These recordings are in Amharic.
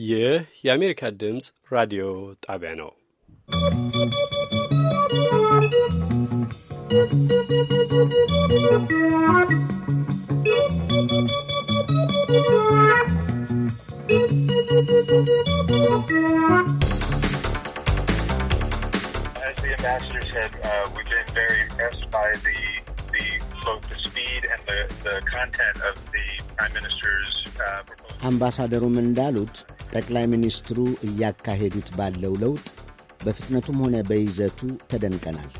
ይህ የአሜሪካ ድምፅ ራዲዮ ጣቢያ ነው። አምባሳደሩም እንዳሉት ጠቅላይ ሚኒስትሩ እያካሄዱት ባለው ለውጥ በፍጥነቱም ሆነ በይዘቱ ተደንቀናል።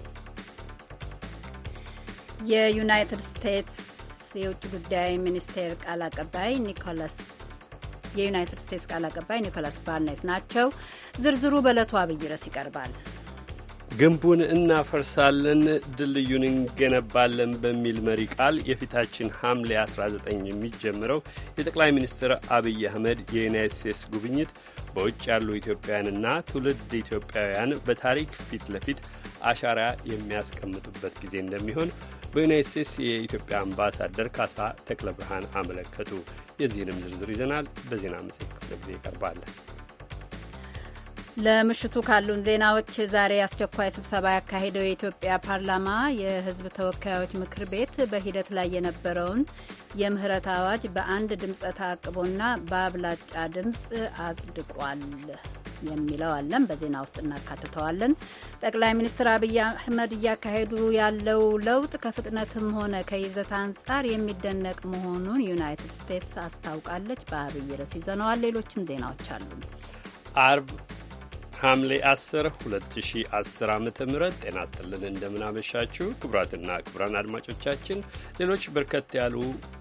የዩናይትድ ስቴትስ የውጭ ጉዳይ ሚኒስቴር ቃል አቀባይ ኒኮላስ የዩናይትድ ስቴትስ ቃል አቀባይ ኒኮላስ ባርኔት ናቸው። ዝርዝሩ በዕለቱ አብይ ርዕስ ይቀርባል። ግንቡን እናፈርሳለን ድልድዩን እንገነባለን በሚል መሪ ቃል የፊታችን ሐምሌ 19 የሚጀምረው የጠቅላይ ሚኒስትር አብይ አህመድ የዩናይት ስቴትስ ጉብኝት በውጭ ያሉ ኢትዮጵያውያንና ትውልድ ኢትዮጵያውያን በታሪክ ፊት ለፊት አሻራ የሚያስቀምጡበት ጊዜ እንደሚሆን በዩናይት ስቴትስ የኢትዮጵያ አምባሳደር ካሳ ተክለ ብርሃን አመለከቱ። የዚህንም ዝርዝር ይዘናል። በዜና መጽሔት ክፍለ ጊዜ ይቀርባለን። ለምሽቱ ካሉን ዜናዎች ዛሬ አስቸኳይ ስብሰባ ያካሄደው የኢትዮጵያ ፓርላማ የሕዝብ ተወካዮች ምክር ቤት በሂደት ላይ የነበረውን የምህረት አዋጅ በአንድ ድምፀ ተአቅቦና በአብላጫ ድምፅ አጽድቋል የሚለው አለን። በዜና ውስጥ እናካትተዋለን። ጠቅላይ ሚኒስትር አብይ አህመድ እያካሄዱ ያለው ለውጥ ከፍጥነትም ሆነ ከይዘት አንጻር የሚደነቅ መሆኑን ዩናይትድ ስቴትስ አስታውቃለች። በአብይ ርዕስ ይዘነዋል። ሌሎችም ዜናዎች አሉ። አርብ ሐምሌ 10 2010 ዓ ም ጤና ስጥልን እንደምናመሻችሁ ክቡራትና ክቡራን አድማጮቻችን ሌሎች በርከት ያሉ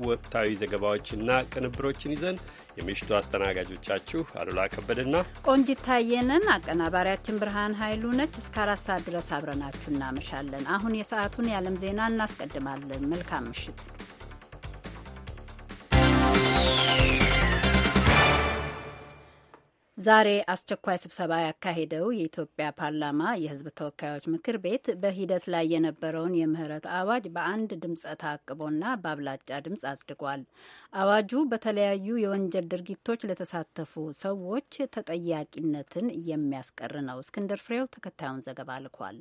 ወቅታዊ ዘገባዎችና ቅንብሮችን ይዘን የምሽቱ አስተናጋጆቻችሁ አሉላ ከበደና ቆንጂት ታየንን፣ አቀናባሪያችን ብርሃን ኃይሉ ነች። እስከ አራት ሰዓት ድረስ አብረናችሁ እናመሻለን። አሁን የሰዓቱን የዓለም ዜና እናስቀድማለን። መልካም ምሽት። ዛሬ አስቸኳይ ስብሰባ ያካሄደው የኢትዮጵያ ፓርላማ የሕዝብ ተወካዮች ምክር ቤት በሂደት ላይ የነበረውን የምህረት አዋጅ በአንድ ድምፅ ታቅቦና በአብላጫ ድምፅ አጽድቋል። አዋጁ በተለያዩ የወንጀል ድርጊቶች ለተሳተፉ ሰዎች ተጠያቂነትን የሚያስቀር ነው። እስክንድር ፍሬው ተከታዩን ዘገባ ልኳል።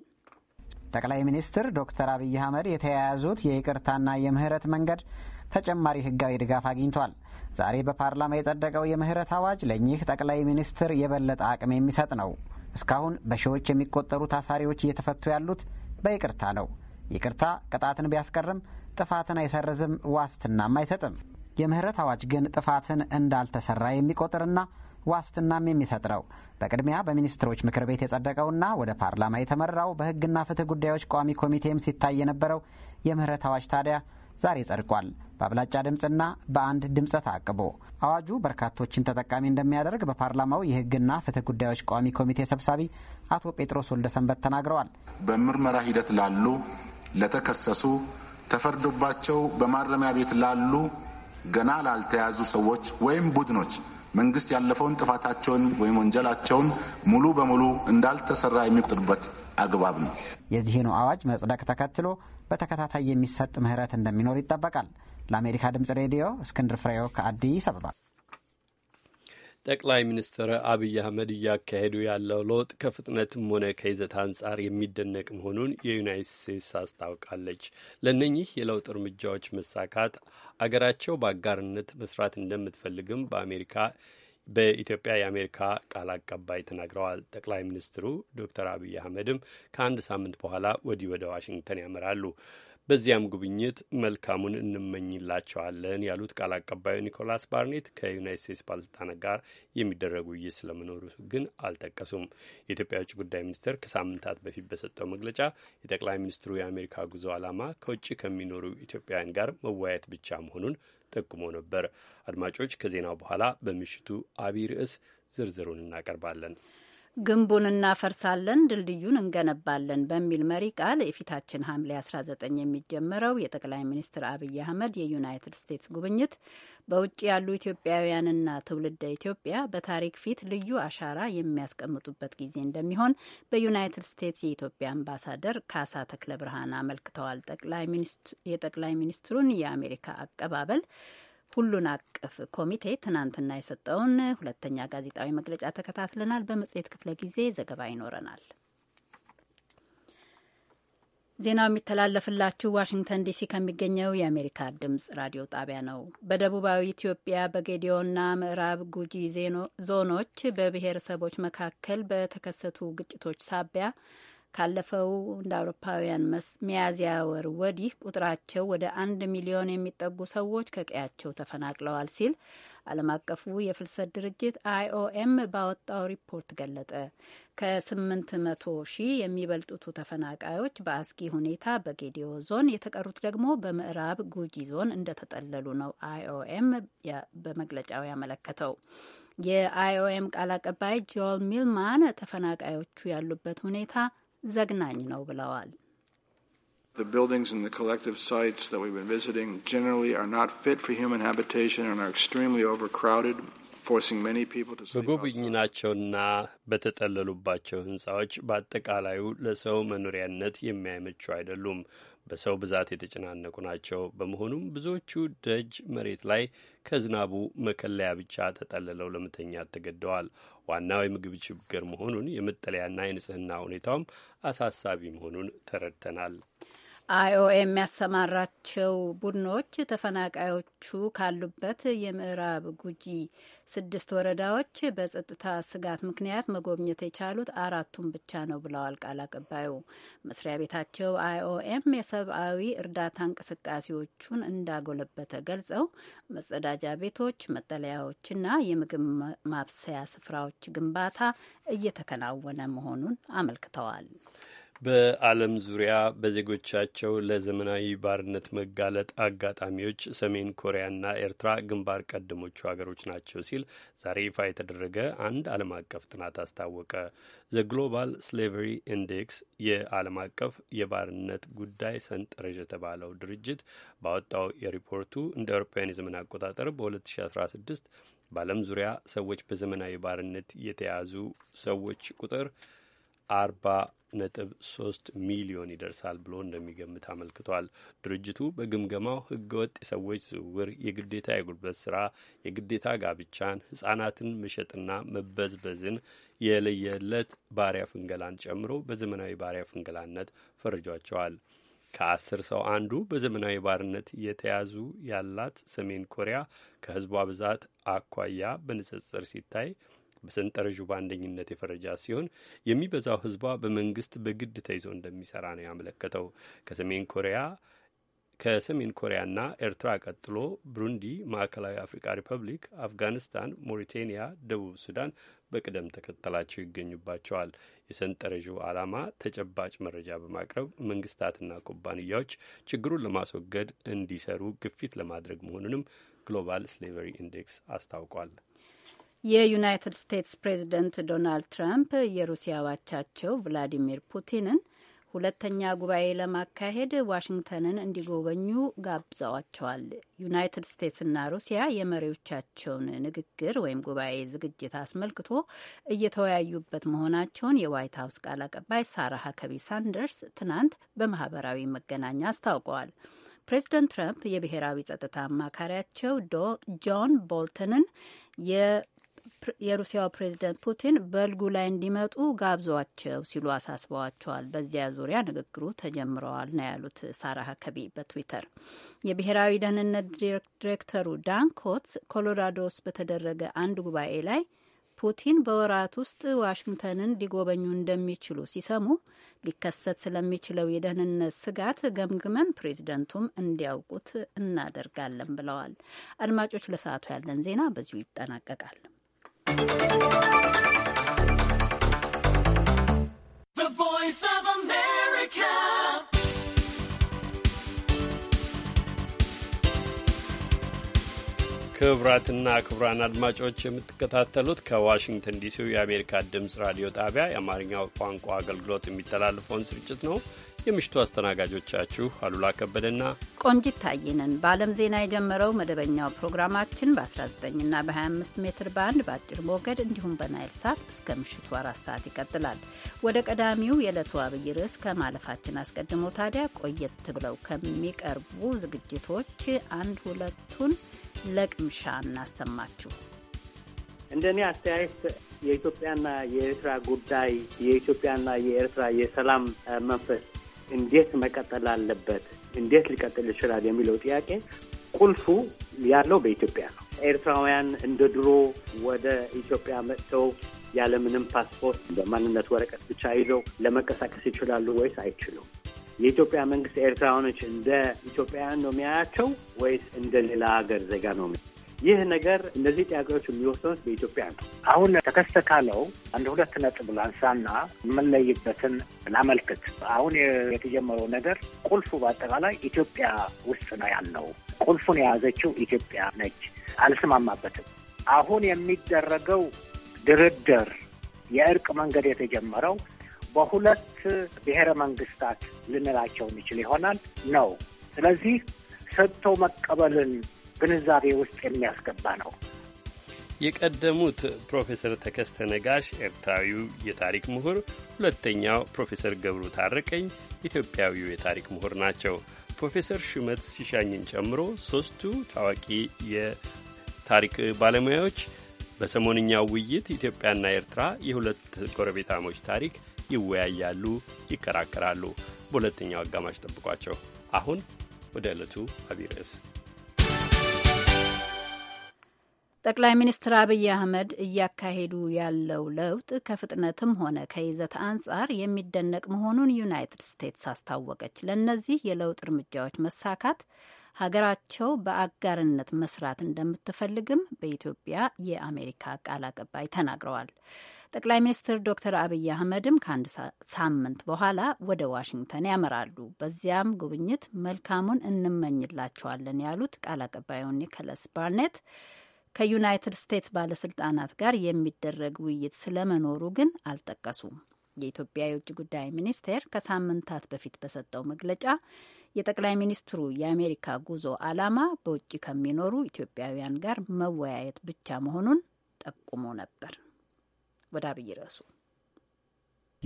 ጠቅላይ ሚኒስትር ዶክተር አብይ አህመድ የተያያዙት የይቅርታና የምህረት መንገድ ተጨማሪ ህጋዊ ድጋፍ አግኝቷል። ዛሬ በፓርላማ የጸደቀው የምህረት አዋጅ ለእኚህ ጠቅላይ ሚኒስትር የበለጠ አቅም የሚሰጥ ነው። እስካሁን በሺዎች የሚቆጠሩ ታሳሪዎች እየተፈቱ ያሉት በይቅርታ ነው። ይቅርታ ቅጣትን ቢያስቀርም ጥፋትን አይሰርዝም፣ ዋስትናም አይሰጥም። የምህረት አዋጅ ግን ጥፋትን እንዳልተሰራ የሚቆጥርና ዋስትናም የሚሰጥ ነው። በቅድሚያ በሚኒስትሮች ምክር ቤት የጸደቀውና ወደ ፓርላማ የተመራው በህግና ፍትህ ጉዳዮች ቋሚ ኮሚቴም ሲታይ የነበረው የምህረት አዋጅ ታዲያ ዛሬ ጸድቋል። በአብላጫ ድምፅና በአንድ ድምፀ ተአቅቦ አዋጁ በርካቶችን ተጠቃሚ እንደሚያደርግ በፓርላማው የሕግና ፍትህ ጉዳዮች ቋሚ ኮሚቴ ሰብሳቢ አቶ ጴጥሮስ ወልደሰንበት ተናግረዋል። በምርመራ ሂደት ላሉ፣ ለተከሰሱ፣ ተፈርዶባቸው በማረሚያ ቤት ላሉ ገና ላልተያዙ ሰዎች ወይም ቡድኖች መንግስት ያለፈውን ጥፋታቸውን ወይም ወንጀላቸውን ሙሉ በሙሉ እንዳልተሰራ የሚቆጥርበት አግባብ ነው። የዚህኑ አዋጅ መጽደቅ ተከትሎ በተከታታይ የሚሰጥ ምህረት እንደሚኖር ይጠበቃል። ለአሜሪካ ድምጽ ሬዲዮ እስክንድር ፍሬው ከአዲስ አበባ። ጠቅላይ ሚኒስትር አብይ አህመድ እያካሄዱ ያለው ለውጥ ከፍጥነትም ሆነ ከይዘት አንጻር የሚደነቅ መሆኑን የዩናይት ስቴትስ አስታውቃለች። ለእነኚህ የለውጥ እርምጃዎች መሳካት አገራቸው በአጋርነት መስራት እንደምትፈልግም በአሜሪካ በኢትዮጵያ የአሜሪካ ቃል አቀባይ ተናግረዋል። ጠቅላይ ሚኒስትሩ ዶክተር አብይ አህመድም ከአንድ ሳምንት በኋላ ወዲህ ወደ ዋሽንግተን ያመራሉ። በዚያም ጉብኝት መልካሙን እንመኝላቸዋለን ያሉት ቃል አቀባዩ ኒኮላስ ባርኔት ከዩናይት ስቴትስ ባለስልጣናት ጋር የሚደረጉ ውይይት ስለመኖሩ ግን አልጠቀሱም። የኢትዮጵያ ውጭ ጉዳይ ሚኒስቴር ከሳምንታት በፊት በሰጠው መግለጫ የጠቅላይ ሚኒስትሩ የአሜሪካ ጉዞ ዓላማ ከውጭ ከሚኖሩ ኢትዮጵያውያን ጋር መወያየት ብቻ መሆኑን ጠቁሞ ነበር። አድማጮች ከዜናው በኋላ በምሽቱ አቢይ ርዕስ ዝርዝሩን እናቀርባለን። ግንቡን እናፈርሳለን፣ ድልድዩን እንገነባለን በሚል መሪ ቃል የፊታችን ሐምሌ 19 የሚጀመረው የጠቅላይ ሚኒስትር አብይ አህመድ የዩናይትድ ስቴትስ ጉብኝት በውጭ ያሉ ኢትዮጵያውያንና ትውልደ ኢትዮጵያ በታሪክ ፊት ልዩ አሻራ የሚያስቀምጡበት ጊዜ እንደሚሆን በዩናይትድ ስቴትስ የኢትዮጵያ አምባሳደር ካሳ ተክለ ብርሃን አመልክተዋል። የጠቅላይ ሚኒስትሩን የአሜሪካ አቀባበል ሁሉን አቀፍ ኮሚቴ ትናንትና የሰጠውን ሁለተኛ ጋዜጣዊ መግለጫ ተከታትለናል። በመጽሔት ክፍለ ጊዜ ዘገባ ይኖረናል። ዜናው የሚተላለፍላችሁ ዋሽንግተን ዲሲ ከሚገኘው የአሜሪካ ድምጽ ራዲዮ ጣቢያ ነው። በደቡባዊ ኢትዮጵያ በጌዲዮና ምዕራብ ጉጂ ዞኖች በብሔረሰቦች መካከል በተከሰቱ ግጭቶች ሳቢያ ካለፈው እንደ አውሮፓውያን ሚያዝያ ወር ወዲህ ቁጥራቸው ወደ አንድ ሚሊዮን የሚጠጉ ሰዎች ከቀያቸው ተፈናቅለዋል ሲል ዓለም አቀፉ የፍልሰት ድርጅት አይኦኤም ባወጣው ሪፖርት ገለጠ። ከስምንት መቶ ሺህ የሚበልጡቱ ተፈናቃዮች በአስጊ ሁኔታ በጌዲዮ ዞን፣ የተቀሩት ደግሞ በምዕራብ ጉጂ ዞን እንደተጠለሉ ነው አይኦኤም በመግለጫው ያመለከተው። የአይኦኤም ቃል አቀባይ ጆል ሚልማን ተፈናቃዮቹ ያሉበት ሁኔታ ዘግናኝ ነው ብለዋል። በጎበኝናቸውና በተጠለሉባቸው ህንፃዎች በአጠቃላዩ ለሰው መኖሪያነት የማይመቹ አይደሉም። በሰው ብዛት የተጨናነቁ ናቸው። በመሆኑም ብዙዎቹ ደጅ መሬት ላይ ከዝናቡ መከለያ ብቻ ተጠልለው ለመተኛት ተገደዋል። ዋናው የምግብ ችግር መሆኑን፣ የመጠለያና የንጽህና ሁኔታውም አሳሳቢ መሆኑን ተረድተናል። አይኦኤም ያሰማራቸው ቡድኖች ተፈናቃዮቹ ካሉበት የምዕራብ ጉጂ ስድስት ወረዳዎች በጸጥታ ስጋት ምክንያት መጎብኘት የቻሉት አራቱን ብቻ ነው ብለዋል ቃል አቀባዩ። መስሪያ ቤታቸው አይኦኤም የሰብአዊ እርዳታ እንቅስቃሴዎቹን እንዳጎለበተ ገልጸው መጸዳጃ ቤቶች፣ መጠለያዎችና የምግብ ማብሰያ ስፍራዎች ግንባታ እየተከናወነ መሆኑን አመልክተዋል። በዓለም ዙሪያ በዜጎቻቸው ለዘመናዊ ባርነት መጋለጥ አጋጣሚዎች ሰሜን ኮሪያና ኤርትራ ግንባር ቀደሞቹ ሀገሮች ናቸው ሲል ዛሬ ይፋ የተደረገ አንድ ዓለም አቀፍ ጥናት አስታወቀ። ዘ ግሎባል ስሌቨሪ ኢንዴክስ የዓለም አቀፍ የባርነት ጉዳይ ሰንጠረዥ የተባለው ድርጅት ባወጣው የሪፖርቱ እንደ አውሮፓውያን የዘመን አቆጣጠር በ2016 በዓለም ዙሪያ ሰዎች በዘመናዊ ባርነት የተያዙ ሰዎች ቁጥር አርባ ነጥብ ሶስት ሚሊዮን ይደርሳል ብሎ እንደሚገምት አመልክቷል። ድርጅቱ በግምገማው ወጥ የሰዎች ዝውውር፣ የግዴታ የጉልበት ስራ፣ የግዴታ ጋብቻን፣ ህጻናትን መሸጥና መበዝበዝን፣ የለየለት ባሪያ ፍንገላን ጨምሮ በዘመናዊ ባሪያ ፍንገላነት ፈርጇቸዋል። ከአስር ሰው አንዱ በዘመናዊ ባርነት የተያዙ ያላት ሰሜን ኮሪያ ከህዝቧ ብዛት አኳያ በንጽጽር ሲታይ በሰንጠረዡ በአንደኝነት የፈረጃ ሲሆን የሚበዛው ህዝቧ በመንግስት በግድ ተይዞ እንደሚሰራ ነው ያመለከተው። ከሰሜን ኮሪያ ከሰሜን ኮሪያና ኤርትራ ቀጥሎ ብሩንዲ፣ ማዕከላዊ አፍሪካ ሪፐብሊክ፣ አፍጋኒስታን፣ ሞሪቴኒያ፣ ደቡብ ሱዳን በቅደም ተከተላቸው ይገኙባቸዋል። የሰንጠረዡ ዓላማ ተጨባጭ መረጃ በማቅረብ መንግስታትና ኩባንያዎች ችግሩን ለማስወገድ እንዲሰሩ ግፊት ለማድረግ መሆኑንም ግሎባል ስሌቨሪ ኢንዴክስ አስታውቋል። የዩናይትድ ስቴትስ ፕሬዝደንት ዶናልድ ትራምፕ የሩሲያ አቻቸው ቭላዲሚር ፑቲንን ሁለተኛ ጉባኤ ለማካሄድ ዋሽንግተንን እንዲጎበኙ ጋብዘዋቸዋል። ዩናይትድ ስቴትስና ሩሲያ የመሪዎቻቸውን ንግግር ወይም ጉባኤ ዝግጅት አስመልክቶ እየተወያዩበት መሆናቸውን የዋይት ሀውስ ቃል አቀባይ ሳራ ሀከቢ ሳንደርስ ትናንት በማህበራዊ መገናኛ አስታውቀዋል። ፕሬዚደንት ትራምፕ የብሔራዊ ጸጥታ አማካሪያቸው ጆን ቦልተንን የሩሲያው ፕሬዚደንት ፑቲን በልጉ ላይ እንዲመጡ ጋብዟቸው ሲሉ አሳስበዋቸዋል። በዚያ ዙሪያ ንግግሩ ተጀምረዋል ነው ያሉት ሳራ ሀከቢ በትዊተር። የብሔራዊ ደህንነት ዲሬክተሩ ዳን ኮትስ ኮሎራዶ ውስጥ በተደረገ አንድ ጉባኤ ላይ ፑቲን በወራት ውስጥ ዋሽንግተንን ሊጎበኙ እንደሚችሉ ሲሰሙ ሊከሰት ስለሚችለው የደህንነት ስጋት ገምግመን ፕሬዚደንቱም እንዲያውቁት እናደርጋለን ብለዋል። አድማጮች፣ ለሰዓቱ ያለን ዜና በዚሁ ይጠናቀቃል። ክቡራትና ክቡራን አድማጮች የምትከታተሉት ከዋሽንግተን ዲሲው የአሜሪካ ድምፅ ራዲዮ ጣቢያ የአማርኛው ቋንቋ አገልግሎት የሚተላለፈውን ስርጭት ነው። የምሽቱ አስተናጋጆቻችሁ አሉላ ከበደና ቆንጂት ታይነን። በዓለም ዜና የጀመረው መደበኛው ፕሮግራማችን በ19ና በ25 ሜትር ባንድ በአጭር ሞገድ እንዲሁም በናይል ሳት እስከ ምሽቱ አራት ሰዓት ይቀጥላል። ወደ ቀዳሚው የዕለቱ አብይ ርዕስ ከማለፋችን አስቀድሞ ታዲያ ቆየት ብለው ከሚቀርቡ ዝግጅቶች አንድ ሁለቱን ለቅምሻ እናሰማችሁ። እንደኔ አስተያየት የኢትዮጵያና የኤርትራ ጉዳይ የኢትዮጵያና የኤርትራ የሰላም መንፈስ እንዴት መቀጠል አለበት፣ እንዴት ሊቀጥል ይችላል የሚለው ጥያቄ ቁልፉ ያለው በኢትዮጵያ ነው። ኤርትራውያን እንደ ድሮ ወደ ኢትዮጵያ መጥተው ያለምንም ፓስፖርት በማንነት ወረቀት ብቻ ይዘው ለመንቀሳቀስ ይችላሉ ወይስ አይችሉም? የኢትዮጵያ መንግስት ኤርትራውያኖች እንደ ኢትዮጵያውያን ነው የሚያያቸው ወይስ እንደ ሌላ ሀገር ዜጋ ነው? ይህ ነገር እነዚህ ጥያቄዎች የሚወስኑት በኢትዮጵያ ነው። አሁን ተከስተ ካለው አንድ ሁለት ነጥብ ላንሳና የምንለይበትን ላመልክት። አሁን የተጀመረው ነገር ቁልፉ በአጠቃላይ ኢትዮጵያ ውስጥ ነው ያለው። ቁልፉን የያዘችው ኢትዮጵያ ነች። አልስማማበትም። አሁን የሚደረገው ድርድር የእርቅ መንገድ የተጀመረው በሁለት ብሔረ መንግስታት ልንላቸው እንችል ይሆናል ነው። ስለዚህ ሰጥቶ መቀበልን ግንዛቤ ውስጥ የሚያስገባ ነው። የቀደሙት ፕሮፌሰር ተከስተ ነጋሽ ኤርትራዊው የታሪክ ምሁር፣ ሁለተኛው ፕሮፌሰር ገብሩ ታረቀኝ ኢትዮጵያዊው የታሪክ ምሁር ናቸው። ፕሮፌሰር ሹመት ሲሻኝን ጨምሮ ሶስቱ ታዋቂ የታሪክ ባለሙያዎች በሰሞንኛው ውይይት ኢትዮጵያና ኤርትራ የሁለት ጎረቤታሞች ታሪክ ይወያያሉ፣ ይከራከራሉ። በሁለተኛው አጋማሽ ጠብቋቸው። አሁን ወደ ዕለቱ አቢይ ርዕስ ጠቅላይ ሚኒስትር አብይ አህመድ እያካሄዱ ያለው ለውጥ ከፍጥነትም ሆነ ከይዘት አንጻር የሚደነቅ መሆኑን ዩናይትድ ስቴትስ አስታወቀች። ለእነዚህ የለውጥ እርምጃዎች መሳካት ሀገራቸው በአጋርነት መስራት እንደምትፈልግም በኢትዮጵያ የአሜሪካ ቃል አቀባይ ተናግረዋል። ጠቅላይ ሚኒስትር ዶክተር አብይ አህመድም ከአንድ ሳምንት በኋላ ወደ ዋሽንግተን ያመራሉ። በዚያም ጉብኝት መልካሙን እንመኝላቸዋለን ያሉት ቃል አቀባዩ ኒኮለስ ባርኔት ከዩናይትድ ስቴትስ ባለስልጣናት ጋር የሚደረግ ውይይት ስለመኖሩ ግን አልጠቀሱም። የኢትዮጵያ የውጭ ጉዳይ ሚኒስቴር ከሳምንታት በፊት በሰጠው መግለጫ የጠቅላይ ሚኒስትሩ የአሜሪካ ጉዞ ዓላማ በውጭ ከሚኖሩ ኢትዮጵያውያን ጋር መወያየት ብቻ መሆኑን ጠቁሞ ነበር። ወደ አብይ ርዕሱ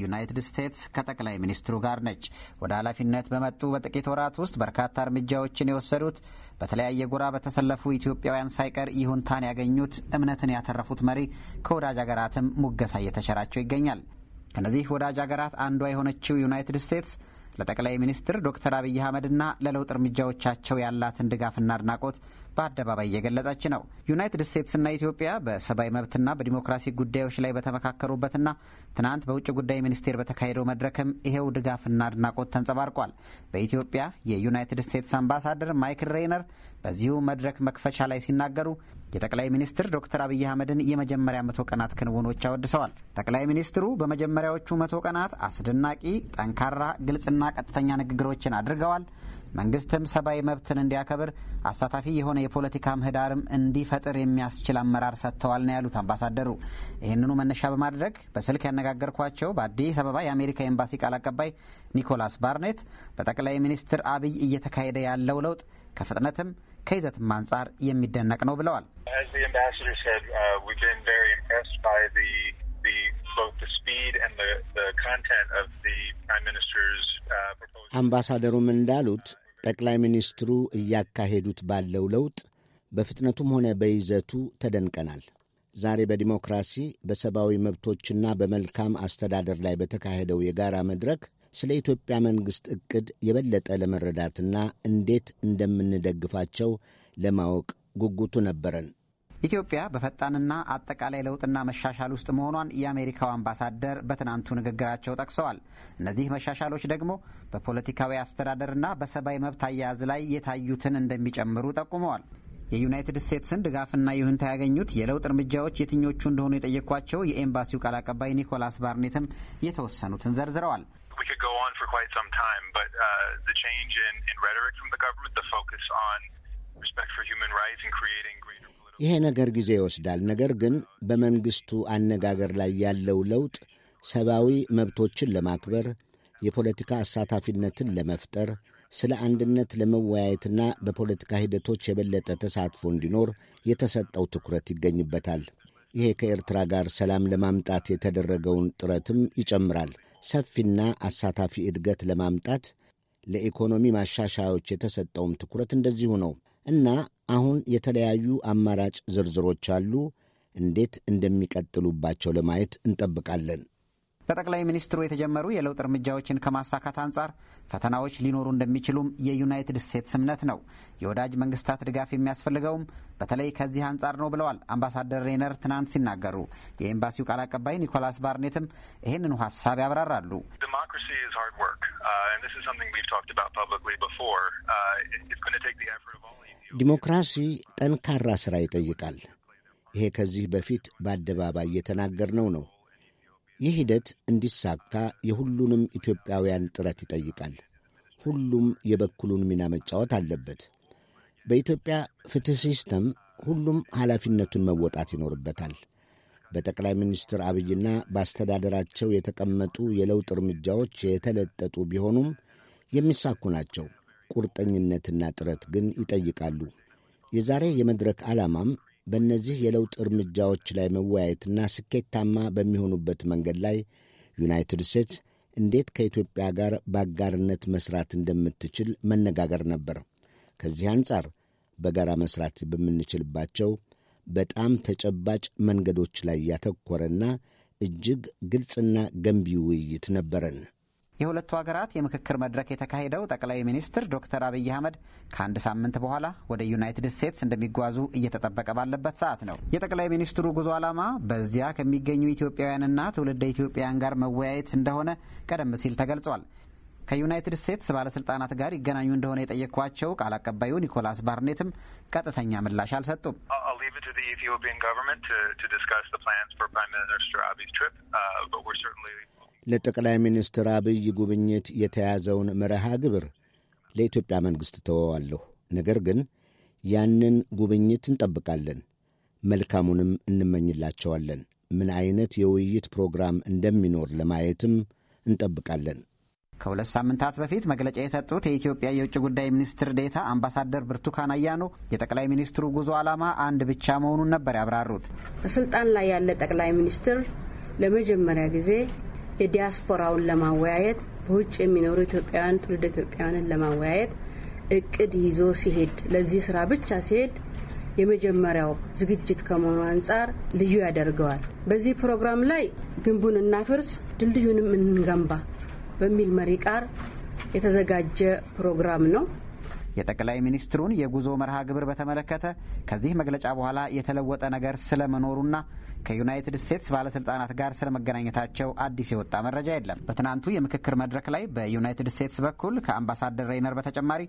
ዩናይትድ ስቴትስ ከጠቅላይ ሚኒስትሩ ጋር ነች። ወደ ኃላፊነት በመጡ በጥቂት ወራት ውስጥ በርካታ እርምጃዎችን የወሰዱት በተለያየ ጎራ በተሰለፉ ኢትዮጵያውያን ሳይቀር ይሁንታን ያገኙት፣ እምነትን ያተረፉት መሪ ከወዳጅ ሀገራትም ሙገሳ እየተቸራቸው ይገኛል። ከነዚህ ወዳጅ ሀገራት አንዷ የሆነችው ዩናይትድ ስቴትስ ለጠቅላይ ሚኒስትር ዶክተር አብይ አህመድና ለለውጥ እርምጃዎቻቸው ያላትን ድጋፍና አድናቆት በአደባባይ እየገለጸች ነው። ዩናይትድ ስቴትስና ኢትዮጵያ በሰብአዊ መብትና በዲሞክራሲ ጉዳዮች ላይ በተመካከሩበትና ትናንት በውጭ ጉዳይ ሚኒስቴር በተካሄደው መድረክም ይሄው ድጋፍና አድናቆት ተንጸባርቋል። በኢትዮጵያ የዩናይትድ ስቴትስ አምባሳደር ማይክል ሬይነር በዚሁ መድረክ መክፈቻ ላይ ሲናገሩ የጠቅላይ ሚኒስትር ዶክተር አብይ አህመድን የመጀመሪያ መቶ ቀናት ክንውኖች አወድሰዋል። ጠቅላይ ሚኒስትሩ በመጀመሪያዎቹ መቶ ቀናት አስደናቂ፣ ጠንካራ፣ ግልጽና ቀጥተኛ ንግግሮችን አድርገዋል። መንግስትም ሰብአዊ መብትን እንዲያከብር አሳታፊ የሆነ የፖለቲካ ምህዳርም እንዲፈጥር የሚያስችል አመራር ሰጥተዋል ነው ያሉት አምባሳደሩ። ይህንኑ መነሻ በማድረግ በስልክ ያነጋገርኳቸው በአዲስ አበባ የአሜሪካ ኤምባሲ ቃል አቀባይ ኒኮላስ ባርኔት በጠቅላይ ሚኒስትር አብይ እየተካሄደ ያለው ለውጥ ከፍጥነትም ከይዘትም አንጻር የሚደነቅ ነው ብለዋል። uh, uh, አምባሳደሩም እንዳሉት ጠቅላይ ሚኒስትሩ እያካሄዱት ባለው ለውጥ በፍጥነቱም ሆነ በይዘቱ ተደንቀናል። ዛሬ በዲሞክራሲ በሰብአዊ መብቶችና በመልካም አስተዳደር ላይ በተካሄደው የጋራ መድረክ ስለ ኢትዮጵያ መንግሥት ዕቅድ የበለጠ ለመረዳትና እንዴት እንደምንደግፋቸው ለማወቅ ጉጉቱ ነበረን። ኢትዮጵያ በፈጣንና አጠቃላይ ለውጥና መሻሻል ውስጥ መሆኗን የአሜሪካው አምባሳደር በትናንቱ ንግግራቸው ጠቅሰዋል። እነዚህ መሻሻሎች ደግሞ በፖለቲካዊ አስተዳደርና በሰብአዊ መብት አያያዝ ላይ የታዩትን እንደሚጨምሩ ጠቁመዋል። የዩናይትድ ስቴትስን ድጋፍና ይሁንታ ያገኙት የለውጥ እርምጃዎች የትኞቹ እንደሆኑ የጠየኳቸው የኤምባሲው ቃል አቀባይ ኒኮላስ ባርኔትም የተወሰኑትን ዘርዝረዋል። we could go on for quite some time, but uh, the change in, in rhetoric from the government, the focus on respect for human rights and creating greater political... ይሄ ነገር ጊዜ ይወስዳል። ነገር ግን በመንግስቱ አነጋገር ላይ ያለው ለውጥ ሰብአዊ መብቶችን ለማክበር የፖለቲካ አሳታፊነትን ለመፍጠር ስለ አንድነት ለመወያየትና በፖለቲካ ሂደቶች የበለጠ ተሳትፎ እንዲኖር የተሰጠው ትኩረት ይገኝበታል። ይሄ ከኤርትራ ጋር ሰላም ለማምጣት የተደረገውን ጥረትም ይጨምራል። ሰፊና አሳታፊ እድገት ለማምጣት ለኢኮኖሚ ማሻሻያዎች የተሰጠውም ትኩረት እንደዚሁ ነው እና አሁን የተለያዩ አማራጭ ዝርዝሮች አሉ። እንዴት እንደሚቀጥሉባቸው ለማየት እንጠብቃለን። በጠቅላይ ሚኒስትሩ የተጀመሩ የለውጥ እርምጃዎችን ከማሳካት አንጻር ፈተናዎች ሊኖሩ እንደሚችሉም የዩናይትድ ስቴትስ እምነት ነው። የወዳጅ መንግስታት ድጋፍ የሚያስፈልገውም በተለይ ከዚህ አንጻር ነው ብለዋል አምባሳደር ሬነር ትናንት ሲናገሩ። የኤምባሲው ቃል አቀባይ ኒኮላስ ባርኔትም ይህንኑ ሀሳብ ያብራራሉ። uh, uh, ዲሞክራሲ ጠንካራ ስራ ይጠይቃል። ይሄ ከዚህ በፊት በአደባባይ የተናገርነው ነው። ይህ ሂደት እንዲሳካ የሁሉንም ኢትዮጵያውያን ጥረት ይጠይቃል። ሁሉም የበኩሉን ሚና መጫወት አለበት። በኢትዮጵያ ፍትሕ ሲስተም ሁሉም ኃላፊነቱን መወጣት ይኖርበታል። በጠቅላይ ሚኒስትር አብይና በአስተዳደራቸው የተቀመጡ የለውጥ እርምጃዎች የተለጠጡ ቢሆኑም የሚሳኩ ናቸው። ቁርጠኝነትና ጥረት ግን ይጠይቃሉ። የዛሬ የመድረክ ዓላማም በእነዚህ የለውጥ እርምጃዎች ላይ መወያየትና ስኬታማ በሚሆኑበት መንገድ ላይ ዩናይትድ ስቴትስ እንዴት ከኢትዮጵያ ጋር በአጋርነት መስራት እንደምትችል መነጋገር ነበር። ከዚህ አንጻር በጋራ መስራት በምንችልባቸው በጣም ተጨባጭ መንገዶች ላይ ያተኮረና እጅግ ግልጽና ገንቢ ውይይት ነበረን። የሁለቱ ሀገራት የምክክር መድረክ የተካሄደው ጠቅላይ ሚኒስትር ዶክተር አብይ አህመድ ከአንድ ሳምንት በኋላ ወደ ዩናይትድ ስቴትስ እንደሚጓዙ እየተጠበቀ ባለበት ሰዓት ነው። የጠቅላይ ሚኒስትሩ ጉዞ ዓላማ በዚያ ከሚገኙ ኢትዮጵያውያንና ትውልደ ኢትዮጵያውያን ጋር መወያየት እንደሆነ ቀደም ሲል ተገልጿል። ከዩናይትድ ስቴትስ ባለስልጣናት ጋር ይገናኙ እንደሆነ የጠየቅኳቸው ቃል አቀባዩ ኒኮላስ ባርኔትም ቀጥተኛ ምላሽ አልሰጡም። ለጠቅላይ ሚኒስትር አብይ ጉብኝት የተያዘውን መርሃ ግብር ለኢትዮጵያ መንግሥት ተወዋለሁ። ነገር ግን ያንን ጉብኝት እንጠብቃለን፣ መልካሙንም እንመኝላቸዋለን። ምን አይነት የውይይት ፕሮግራም እንደሚኖር ለማየትም እንጠብቃለን። ከሁለት ሳምንታት በፊት መግለጫ የሰጡት የኢትዮጵያ የውጭ ጉዳይ ሚኒስትር ዴታ አምባሳደር ብርቱካን አያኖ የጠቅላይ ሚኒስትሩ ጉዞ ዓላማ አንድ ብቻ መሆኑን ነበር ያብራሩት። በስልጣን ላይ ያለ ጠቅላይ ሚኒስትር ለመጀመሪያ ጊዜ የዲያስፖራውን ለማወያየት በውጭ የሚኖሩ ኢትዮጵያውያን ትውልድ ኢትዮጵያውያንን ለማወያየት እቅድ ይዞ ሲሄድ ለዚህ ስራ ብቻ ሲሄድ የመጀመሪያው ዝግጅት ከመሆኑ አንጻር ልዩ ያደርገዋል። በዚህ ፕሮግራም ላይ ግንቡን እናፍርስ ድልድዩንም እንገንባ በሚል መሪ ቃር የተዘጋጀ ፕሮግራም ነው። የጠቅላይ ሚኒስትሩን የጉዞ መርሃ ግብር በተመለከተ ከዚህ መግለጫ በኋላ የተለወጠ ነገር ስለመኖሩና ከዩናይትድ ስቴትስ ባለስልጣናት ጋር ስለመገናኘታቸው አዲስ የወጣ መረጃ የለም። በትናንቱ የምክክር መድረክ ላይ በዩናይትድ ስቴትስ በኩል ከአምባሳደር ሬይነር በተጨማሪ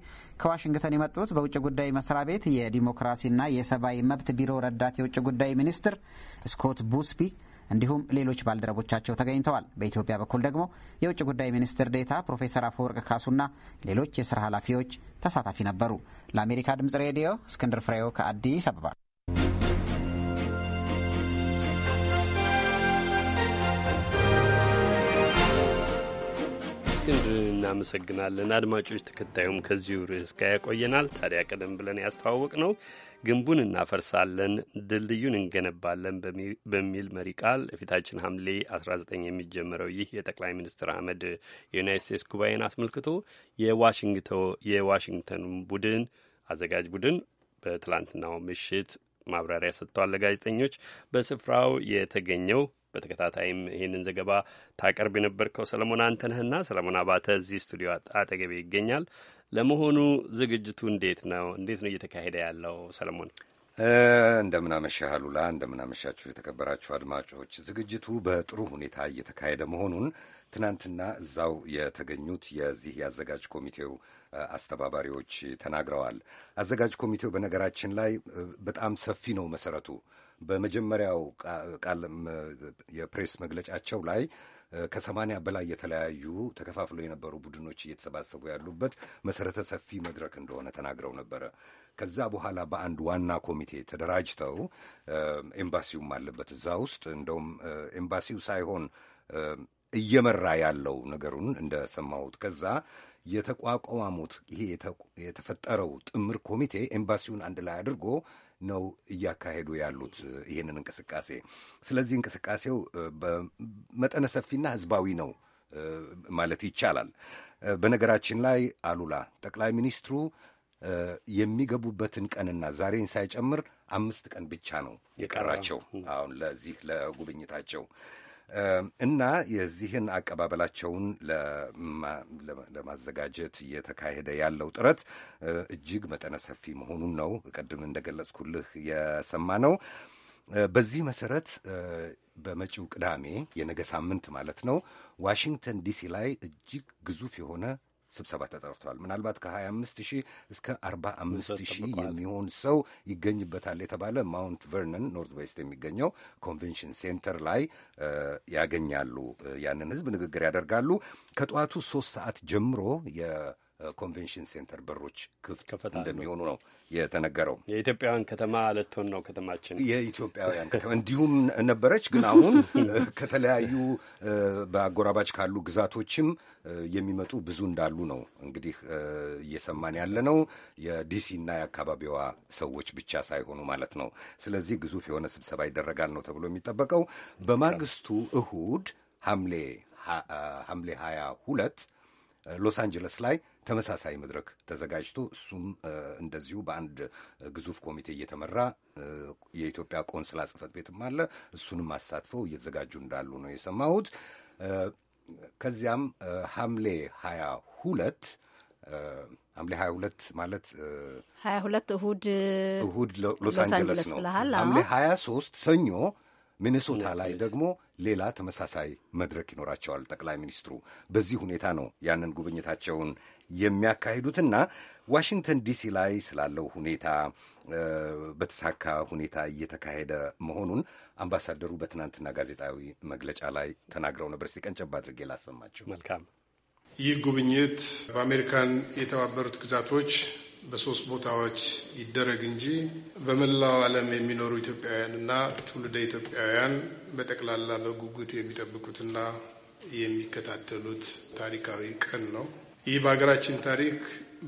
ከዋሽንግተን የመጡት በውጭ ጉዳይ መስሪያ ቤት የዲሞክራሲና የሰብአዊ መብት ቢሮ ረዳት የውጭ ጉዳይ ሚኒስትር ስኮት ቡስቢ እንዲሁም ሌሎች ባልደረቦቻቸው ተገኝተዋል። በኢትዮጵያ በኩል ደግሞ የውጭ ጉዳይ ሚኒስትር ዴታ ፕሮፌሰር አፈወርቅ ካሱና ሌሎች የስራ ኃላፊዎች ተሳታፊ ነበሩ። ለአሜሪካ ድምጽ ሬዲዮ እስክንድር ፍሬው ከአዲስ አበባ። እስክንድር እናመሰግናለን። አድማጮች ተከታዩም ከዚሁ ርዕስ ጋር ያቆየናል። ታዲያ ቀደም ብለን ያስተዋወቅ ነው ግንቡን እናፈርሳለን ድልድዩን እንገነባለን በሚል መሪ ቃል የፊታችን ሐምሌ 19 የሚጀመረው ይህ የጠቅላይ ሚኒስትር አህመድ የዩናይት ስቴትስ ጉባኤን አስመልክቶ የዋሽንግተን ቡድን አዘጋጅ ቡድን በትላንትናው ምሽት ማብራሪያ ሰጥተዋል ለጋዜጠኞች። በስፍራው የተገኘው በተከታታይም ይህንን ዘገባ ታቀርብ የነበርከው ሰለሞን አንተነህና ሰለሞን አባተ እዚህ ስቱዲዮ አጠገቤ ይገኛል። ለመሆኑ ዝግጅቱ እንዴት ነው? እንዴት ነው እየተካሄደ ያለው? ሰለሞን እንደምናመሻህ አሉላ፣ እንደምናመሻችሁ የተከበራችሁ አድማጮች። ዝግጅቱ በጥሩ ሁኔታ እየተካሄደ መሆኑን ትናንትና እዛው የተገኙት የዚህ የአዘጋጅ ኮሚቴው አስተባባሪዎች ተናግረዋል። አዘጋጅ ኮሚቴው በነገራችን ላይ በጣም ሰፊ ነው መሰረቱ። በመጀመሪያው ቃል የፕሬስ መግለጫቸው ላይ ከሰማንያ በላይ የተለያዩ ተከፋፍለው የነበሩ ቡድኖች እየተሰባሰቡ ያሉበት መሰረተ ሰፊ መድረክ እንደሆነ ተናግረው ነበረ። ከዛ በኋላ በአንድ ዋና ኮሚቴ ተደራጅተው ኤምባሲውም አለበት እዛ ውስጥ እንደውም ኤምባሲው ሳይሆን እየመራ ያለው ነገሩን እንደሰማሁት ከዛ የተቋቋሙት ይሄ የተፈጠረው ጥምር ኮሚቴ ኤምባሲውን አንድ ላይ አድርጎ ነው እያካሄዱ ያሉት ይህንን እንቅስቃሴ። ስለዚህ እንቅስቃሴው በመጠነ ሰፊና ህዝባዊ ነው ማለት ይቻላል። በነገራችን ላይ አሉላ ጠቅላይ ሚኒስትሩ የሚገቡበትን ቀንና ዛሬን ሳይጨምር አምስት ቀን ብቻ ነው የቀራቸው አሁን ለዚህ ለጉብኝታቸው። እና የዚህን አቀባበላቸውን ለማዘጋጀት እየተካሄደ ያለው ጥረት እጅግ መጠነ ሰፊ መሆኑን ነው ቅድም እንደገለጽኩልህ የሰማ ነው። በዚህ መሰረት በመጪው ቅዳሜ የነገ ሳምንት ማለት ነው ዋሽንግተን ዲሲ ላይ እጅግ ግዙፍ የሆነ ስብሰባ ተጠርቷል። ምናልባት ከ25 ሺህ እስከ 45 ሺህ የሚሆን ሰው ይገኝበታል የተባለ ማውንት ቨርነን ኖርት ዌስት የሚገኘው ኮንቬንሽን ሴንተር ላይ ያገኛሉ። ያንን ህዝብ ንግግር ያደርጋሉ። ከጠዋቱ ሶስት ሰዓት ጀምሮ ኮንቬንሽን ሴንተር በሮች ክፍት እንደሚሆኑ ነው የተነገረው። የኢትዮጵያውያን ከተማ ልትሆን ነው ከተማችን፣ የኢትዮጵያውያን ከተማ እንዲሁም ነበረች። ግን አሁን ከተለያዩ በአጎራባች ካሉ ግዛቶችም የሚመጡ ብዙ እንዳሉ ነው እንግዲህ እየሰማን ያለ ነው። የዲሲና የአካባቢዋ ሰዎች ብቻ ሳይሆኑ ማለት ነው። ስለዚህ ግዙፍ የሆነ ስብሰባ ይደረጋል ነው ተብሎ የሚጠበቀው። በማግስቱ እሁድ ሐምሌ ሐምሌ ሁለት ሎስ አንጀለስ ላይ ተመሳሳይ መድረክ ተዘጋጅቶ እሱም እንደዚሁ በአንድ ግዙፍ ኮሚቴ እየተመራ የኢትዮጵያ ቆንስላ ጽሕፈት ቤትም አለ። እሱንም አሳትፈው እየተዘጋጁ እንዳሉ ነው የሰማሁት። ከዚያም ሐምሌ ሀያ ሁለት ሐምሌ ሁለት ማለት ሀያ ሁለት እሁድ እሁድ ሎስ አንጀለስ ነው። ሐምሌ ሶስት ሰኞ ሚኒሶታ ላይ ደግሞ ሌላ ተመሳሳይ መድረክ ይኖራቸዋል ጠቅላይ ሚኒስትሩ። በዚህ ሁኔታ ነው ያንን ጉብኝታቸውን የሚያካሂዱትና ዋሽንግተን ዲሲ ላይ ስላለው ሁኔታ በተሳካ ሁኔታ እየተካሄደ መሆኑን አምባሳደሩ በትናንትና ጋዜጣዊ መግለጫ ላይ ተናግረው ነበር። እስቲ ቀንጨብ አድርጌ ላሰማችሁ። መልካም። ይህ ጉብኝት በአሜሪካን የተባበሩት ግዛቶች በሶስት ቦታዎች ይደረግ እንጂ በመላው ዓለም የሚኖሩ ኢትዮጵያውያንና ትውልደ ኢትዮጵያውያን በጠቅላላ በጉጉት የሚጠብቁትና የሚከታተሉት ታሪካዊ ቀን ነው። ይህ በሀገራችን ታሪክ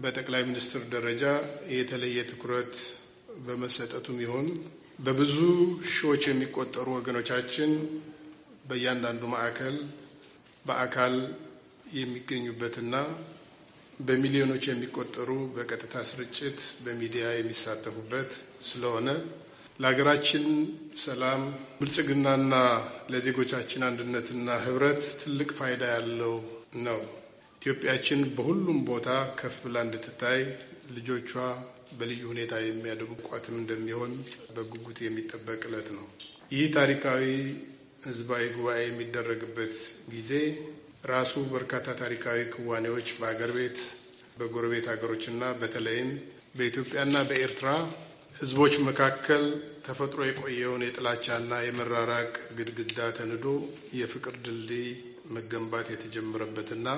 በጠቅላይ ሚኒስትር ደረጃ የተለየ ትኩረት በመሰጠቱም ይሁን በብዙ ሺዎች የሚቆጠሩ ወገኖቻችን በእያንዳንዱ ማዕከል በአካል የሚገኙበትና በሚሊዮኖች የሚቆጠሩ በቀጥታ ስርጭት በሚዲያ የሚሳተፉበት ስለሆነ ለሀገራችን ሰላም ብልጽግናና ለዜጎቻችን አንድነትና ህብረት ትልቅ ፋይዳ ያለው ነው። ኢትዮጵያችን በሁሉም ቦታ ከፍ ብላ እንድትታይ ልጆቿ በልዩ ሁኔታ የሚያደምቋትም እንደሚሆን በጉጉት የሚጠበቅ ዕለት ነው። ይህ ታሪካዊ ህዝባዊ ጉባኤ የሚደረግበት ጊዜ ራሱ በርካታ ታሪካዊ ክዋኔዎች በአገር ቤት በጎረቤት ሀገሮችና በተለይም በኢትዮጵያና በኤርትራ ህዝቦች መካከል ተፈጥሮ የቆየውን የጥላቻና የመራራቅ ግድግዳ ተንዶ የፍቅር ድልድይ መገንባት የተጀመረበትና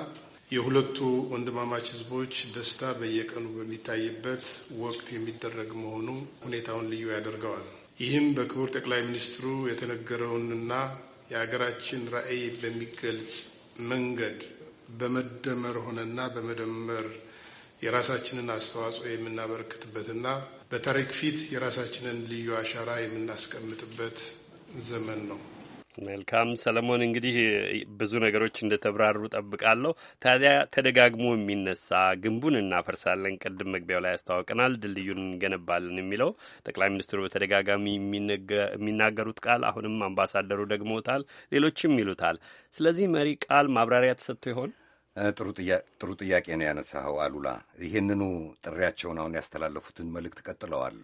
የሁለቱ ወንድማማች ህዝቦች ደስታ በየቀኑ በሚታይበት ወቅት የሚደረግ መሆኑ ሁኔታውን ልዩ ያደርገዋል። ይህም በክቡር ጠቅላይ ሚኒስትሩ የተነገረውንና የሀገራችን ራዕይ በሚገልጽ መንገድ በመደመር ሆነና በመደመር የራሳችንን አስተዋጽኦ የምናበረክትበትና በታሪክ ፊት የራሳችንን ልዩ አሻራ የምናስቀምጥበት ዘመን ነው። መልካም ሰለሞን፣ እንግዲህ ብዙ ነገሮች እንደተብራሩ ጠብቃለሁ። ታዲያ ተደጋግሞ የሚነሳ ግንቡን እናፈርሳለን፣ ቅድም መግቢያው ላይ ያስተዋውቀናል፣ ድልድዩን እንገነባለን የሚለው ጠቅላይ ሚኒስትሩ በተደጋጋሚ የሚናገሩት ቃል አሁንም አምባሳደሩ ደግሞታል፣ ሌሎችም ይሉታል። ስለዚህ መሪ ቃል ማብራሪያ ተሰጥቶ ይሆን? ጥሩ ጥያቄ ነው ያነሳኸው አሉላ። ይህንኑ ጥሪያቸውን አሁን ያስተላለፉትን መልእክት ቀጥለዋል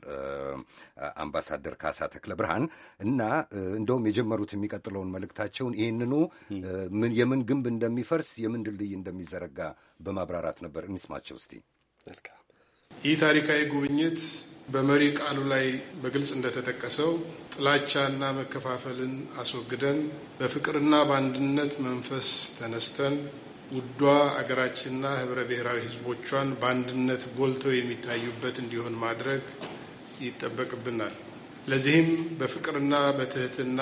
አምባሳደር ካሳ ተክለ ብርሃን እና እንደውም የጀመሩት የሚቀጥለውን መልእክታቸውን ይህንኑ የምን ግንብ እንደሚፈርስ የምን ድልድይ እንደሚዘረጋ በማብራራት ነበር። እንስማቸው እስቲ። ይህ ታሪካዊ ጉብኝት በመሪ ቃሉ ላይ በግልጽ እንደተጠቀሰው ጥላቻና መከፋፈልን አስወግደን በፍቅርና በአንድነት መንፈስ ተነስተን ውዷ አገራችንና ህብረ ብሔራዊ ህዝቦቿን በአንድነት ጎልተው የሚታዩበት እንዲሆን ማድረግ ይጠበቅብናል። ለዚህም በፍቅርና በትህትና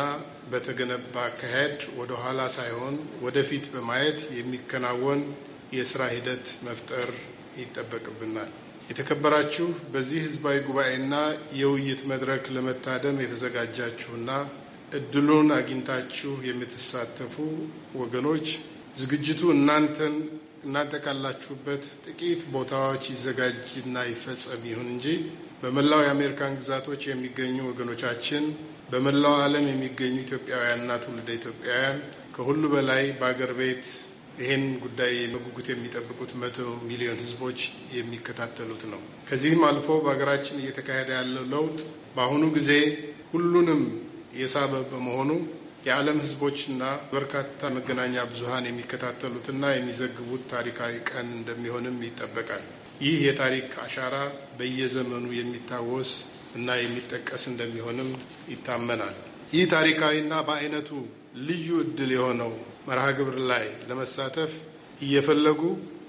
በተገነባ አካሄድ ወደ ኋላ ሳይሆን ወደፊት በማየት የሚከናወን የስራ ሂደት መፍጠር ይጠበቅብናል። የተከበራችሁ በዚህ ህዝባዊ ጉባኤና የውይይት መድረክ ለመታደም የተዘጋጃችሁና እድሉን አግኝታችሁ የምትሳተፉ ወገኖች ዝግጅቱ እናንተን እናንተ ካላችሁበት ጥቂት ቦታዎች ይዘጋጅና ይፈጸም። ይሁን እንጂ በመላው የአሜሪካን ግዛቶች የሚገኙ ወገኖቻችን፣ በመላው ዓለም የሚገኙ ኢትዮጵያውያንና ትውልደ ኢትዮጵያውያን ከሁሉ በላይ በአገር ቤት ይህን ጉዳይ የመጉጉት የሚጠብቁት መቶ ሚሊዮን ህዝቦች የሚከታተሉት ነው። ከዚህም አልፎ በሀገራችን እየተካሄደ ያለው ለውጥ በአሁኑ ጊዜ ሁሉንም የሳበ በመሆኑ የዓለም ህዝቦችና በርካታ መገናኛ ብዙሃን የሚከታተሉትና የሚዘግቡት ታሪካዊ ቀን እንደሚሆንም ይጠበቃል። ይህ የታሪክ አሻራ በየዘመኑ የሚታወስ እና የሚጠቀስ እንደሚሆንም ይታመናል። ይህ ታሪካዊና በአይነቱ ልዩ እድል የሆነው መርሃ ግብር ላይ ለመሳተፍ እየፈለጉ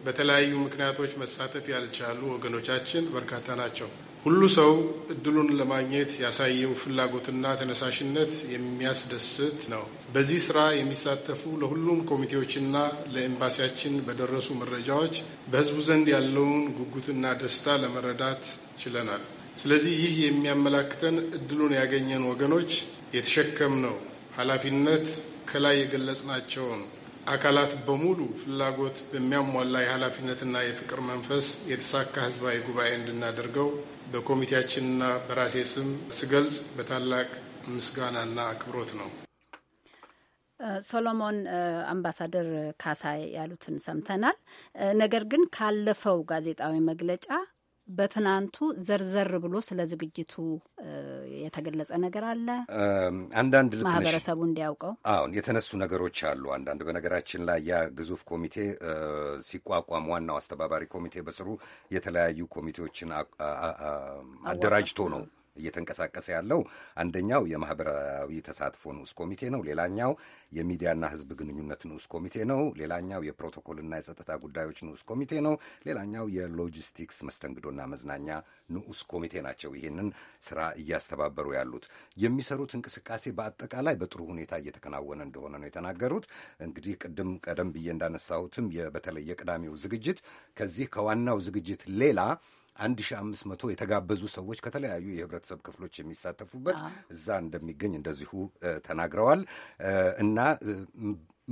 በተለያዩ ምክንያቶች መሳተፍ ያልቻሉ ወገኖቻችን በርካታ ናቸው። ሁሉ ሰው እድሉን ለማግኘት ያሳየው ፍላጎትና ተነሳሽነት የሚያስደስት ነው። በዚህ ስራ የሚሳተፉ ለሁሉም ኮሚቴዎችና ለኤምባሲያችን በደረሱ መረጃዎች በህዝቡ ዘንድ ያለውን ጉጉትና ደስታ ለመረዳት ችለናል። ስለዚህ ይህ የሚያመላክተን እድሉን ያገኘን ወገኖች የተሸከምነው ኃላፊነት ከላይ የገለጽናቸውን አካላት በሙሉ ፍላጎት በሚያሟላ የኃላፊነትና የፍቅር መንፈስ የተሳካ ህዝባዊ ጉባኤ እንድናደርገው በኮሚቴያችንና በራሴ ስም ስገልጽ በታላቅ ምስጋናና አክብሮት ነው። ሶሎሞን፣ አምባሳደር ካሳ ያሉትን ሰምተናል። ነገር ግን ካለፈው ጋዜጣዊ መግለጫ በትናንቱ ዘርዘር ብሎ ስለ ዝግጅቱ የተገለጸ ነገር አለ። አንዳንድ ማህበረሰቡ እንዲያውቀው አሁን የተነሱ ነገሮች አሉ። አንዳንድ በነገራችን ላይ ያ ግዙፍ ኮሚቴ ሲቋቋም ዋናው አስተባባሪ ኮሚቴ በስሩ የተለያዩ ኮሚቴዎችን አደራጅቶ ነው እየተንቀሳቀሰ ያለው አንደኛው የማህበራዊ ተሳትፎ ንዑስ ኮሚቴ ነው። ሌላኛው የሚዲያና ህዝብ ግንኙነት ንዑስ ኮሚቴ ነው። ሌላኛው የፕሮቶኮልና የጸጥታ ጉዳዮች ንዑስ ኮሚቴ ነው። ሌላኛው የሎጂስቲክስ መስተንግዶና መዝናኛ ንዑስ ኮሚቴ ናቸው። ይህንን ስራ እያስተባበሩ ያሉት የሚሰሩት እንቅስቃሴ በአጠቃላይ በጥሩ ሁኔታ እየተከናወነ እንደሆነ ነው የተናገሩት። እንግዲህ ቅድም ቀደም ብዬ እንዳነሳሁትም በተለይ የቅዳሜው ዝግጅት ከዚህ ከዋናው ዝግጅት ሌላ 1500 የተጋበዙ ሰዎች ከተለያዩ የህብረተሰብ ክፍሎች የሚሳተፉበት እዛ እንደሚገኝ እንደዚሁ ተናግረዋል እና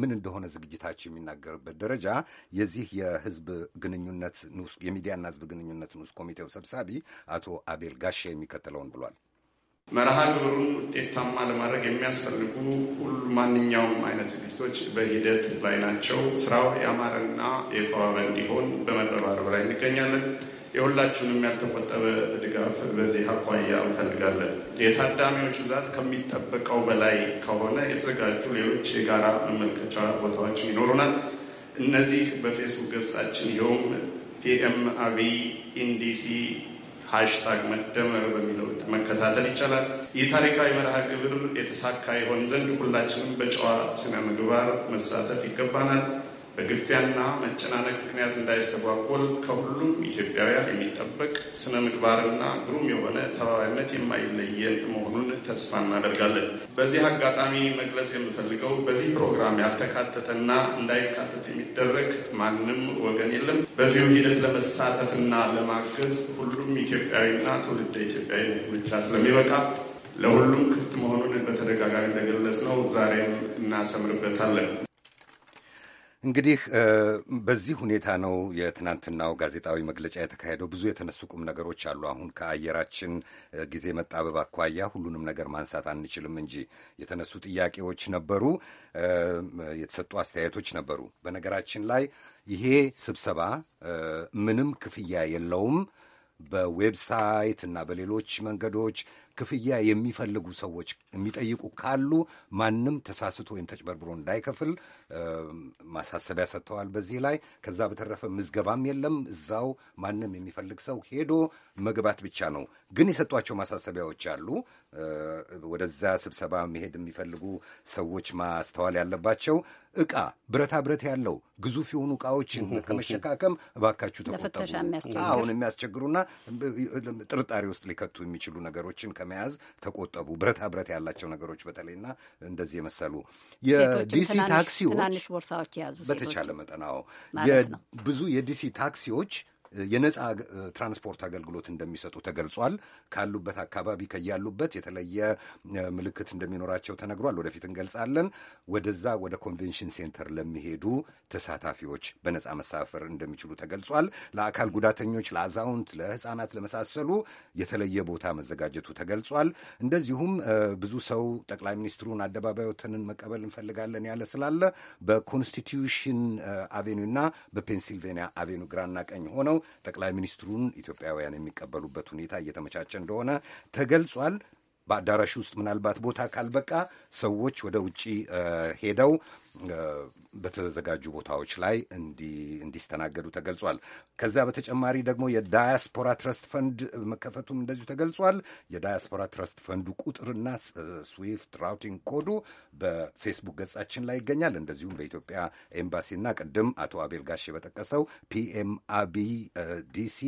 ምን እንደሆነ ዝግጅታቸው የሚናገርበት ደረጃ የዚህ የህዝብ ግንኙነት ንዑስ የሚዲያና ህዝብ ግንኙነት ንዑስ ኮሚቴው ሰብሳቢ አቶ አቤል ጋሻ የሚከተለውን ብሏል። መርሃ ግብሩን ውጤታማ ለማድረግ የሚያስፈልጉ ሁሉ ማንኛውም አይነት ዝግጅቶች በሂደት ላይ ናቸው። ስራው ያማረና የተዋበ እንዲሆን በመረባረብ ላይ እንገኛለን። የሁላችሁንም ያልተቆጠበ ድጋፍ በዚህ አኳያ እንፈልጋለን። የታዳሚዎች ብዛት ከሚጠበቀው በላይ ከሆነ የተዘጋጁ ሌሎች የጋራ መመልከቻ ቦታዎች ይኖሩናል። እነዚህ በፌስቡክ ገጻችን ይኸውም ፒኤም አብይ ኢንዲሲ ሃሽታግ መደመር በሚለው መከታተል ይቻላል። ይህ ታሪካዊ መርሃ ግብር የተሳካ ይሆን ዘንድ ሁላችንም በጨዋ ስነ ምግባር መሳተፍ ይገባናል። በግፊያና መጨናነቅ ምክንያት እንዳይስተጓጎል ከሁሉም ኢትዮጵያውያን የሚጠበቅ ስነ ምግባርና ግሩም የሆነ ተባባይነት የማይለየን መሆኑን ተስፋ እናደርጋለን። በዚህ አጋጣሚ መግለጽ የምፈልገው በዚህ ፕሮግራም ያልተካተተና እንዳይካተት የሚደረግ ማንም ወገን የለም። በዚሁ ሂደት ለመሳተፍና ለማገዝ ሁሉም ኢትዮጵያዊና ትውልደ ኢትዮጵያዊ ብቻ ስለሚበቃ ለሁሉም ክፍት መሆኑን በተደጋጋሚ እንደገለጽ ነው ዛሬም እናሰምርበታለን። እንግዲህ በዚህ ሁኔታ ነው የትናንትናው ጋዜጣዊ መግለጫ የተካሄደው። ብዙ የተነሱ ቁም ነገሮች አሉ። አሁን ከአየራችን ጊዜ መጣበብ አኳያ ሁሉንም ነገር ማንሳት አንችልም እንጂ የተነሱ ጥያቄዎች ነበሩ፣ የተሰጡ አስተያየቶች ነበሩ። በነገራችን ላይ ይሄ ስብሰባ ምንም ክፍያ የለውም። በዌብሳይት እና በሌሎች መንገዶች ክፍያ የሚፈልጉ ሰዎች የሚጠይቁ ካሉ ማንም ተሳስቶ ወይም ተጭበርብሮ እንዳይከፍል ማሳሰቢያ ሰጥተዋል። በዚህ ላይ ከዛ በተረፈ ምዝገባም የለም። እዛው ማንም የሚፈልግ ሰው ሄዶ መግባት ብቻ ነው። ግን የሰጧቸው ማሳሰቢያዎች አሉ። ወደዛ ስብሰባ መሄድ የሚፈልጉ ሰዎች ማስተዋል ያለባቸው እቃ ብረታ ብረት ያለው ግዙፍ የሆኑ እቃዎችን ከመሸካከም እባካችሁ ተቆጠቡ። አሁን የሚያስቸግሩና ጥርጣሬ ውስጥ ሊከቱ የሚችሉ ነገሮችን ከመያዝ ተቆጠቡ። ብረታ ብረት ያላቸው ነገሮች በተለይና እንደዚህ የመሰሉ የዲሲ ታክሲዎች በተቻለ መጠናው ብዙ የዲሲ ታክሲዎች የነጻ ትራንስፖርት አገልግሎት እንደሚሰጡ ተገልጿል። ካሉበት አካባቢ ከያሉበት የተለየ ምልክት እንደሚኖራቸው ተነግሯል። ወደፊት እንገልጻለን። ወደዛ ወደ ኮንቬንሽን ሴንተር ለሚሄዱ ተሳታፊዎች በነጻ መሳፈር እንደሚችሉ ተገልጿል። ለአካል ጉዳተኞች፣ ለአዛውንት፣ ለህፃናት ለመሳሰሉ የተለየ ቦታ መዘጋጀቱ ተገልጿል። እንደዚሁም ብዙ ሰው ጠቅላይ ሚኒስትሩን አደባባዮትንን መቀበል እንፈልጋለን ያለ ስላለ በኮንስቲትዩሽን አቬኒና በፔንሲልቬኒያ አቬኒው ግራና ቀኝ ሆነው ጠቅላይ ሚኒስትሩን ኢትዮጵያውያን የሚቀበሉበት ሁኔታ እየተመቻቸ እንደሆነ ተገልጿል። በአዳራሽ ውስጥ ምናልባት ቦታ ካልበቃ ሰዎች ወደ ውጭ ሄደው በተዘጋጁ ቦታዎች ላይ እንዲስተናገዱ ተገልጿል። ከዚያ በተጨማሪ ደግሞ የዳያስፖራ ትረስት ፈንድ መከፈቱም እንደዚሁ ተገልጿል። የዳያስፖራ ትረስት ፈንዱ ቁጥርና ስዊፍት ራውቲንግ ኮዱ በፌስቡክ ገጻችን ላይ ይገኛል። እንደዚሁም በኢትዮጵያ ኤምባሲና ቅድም አቶ አቤል ጋሼ በጠቀሰው ፒኤም አቢ ዲሲ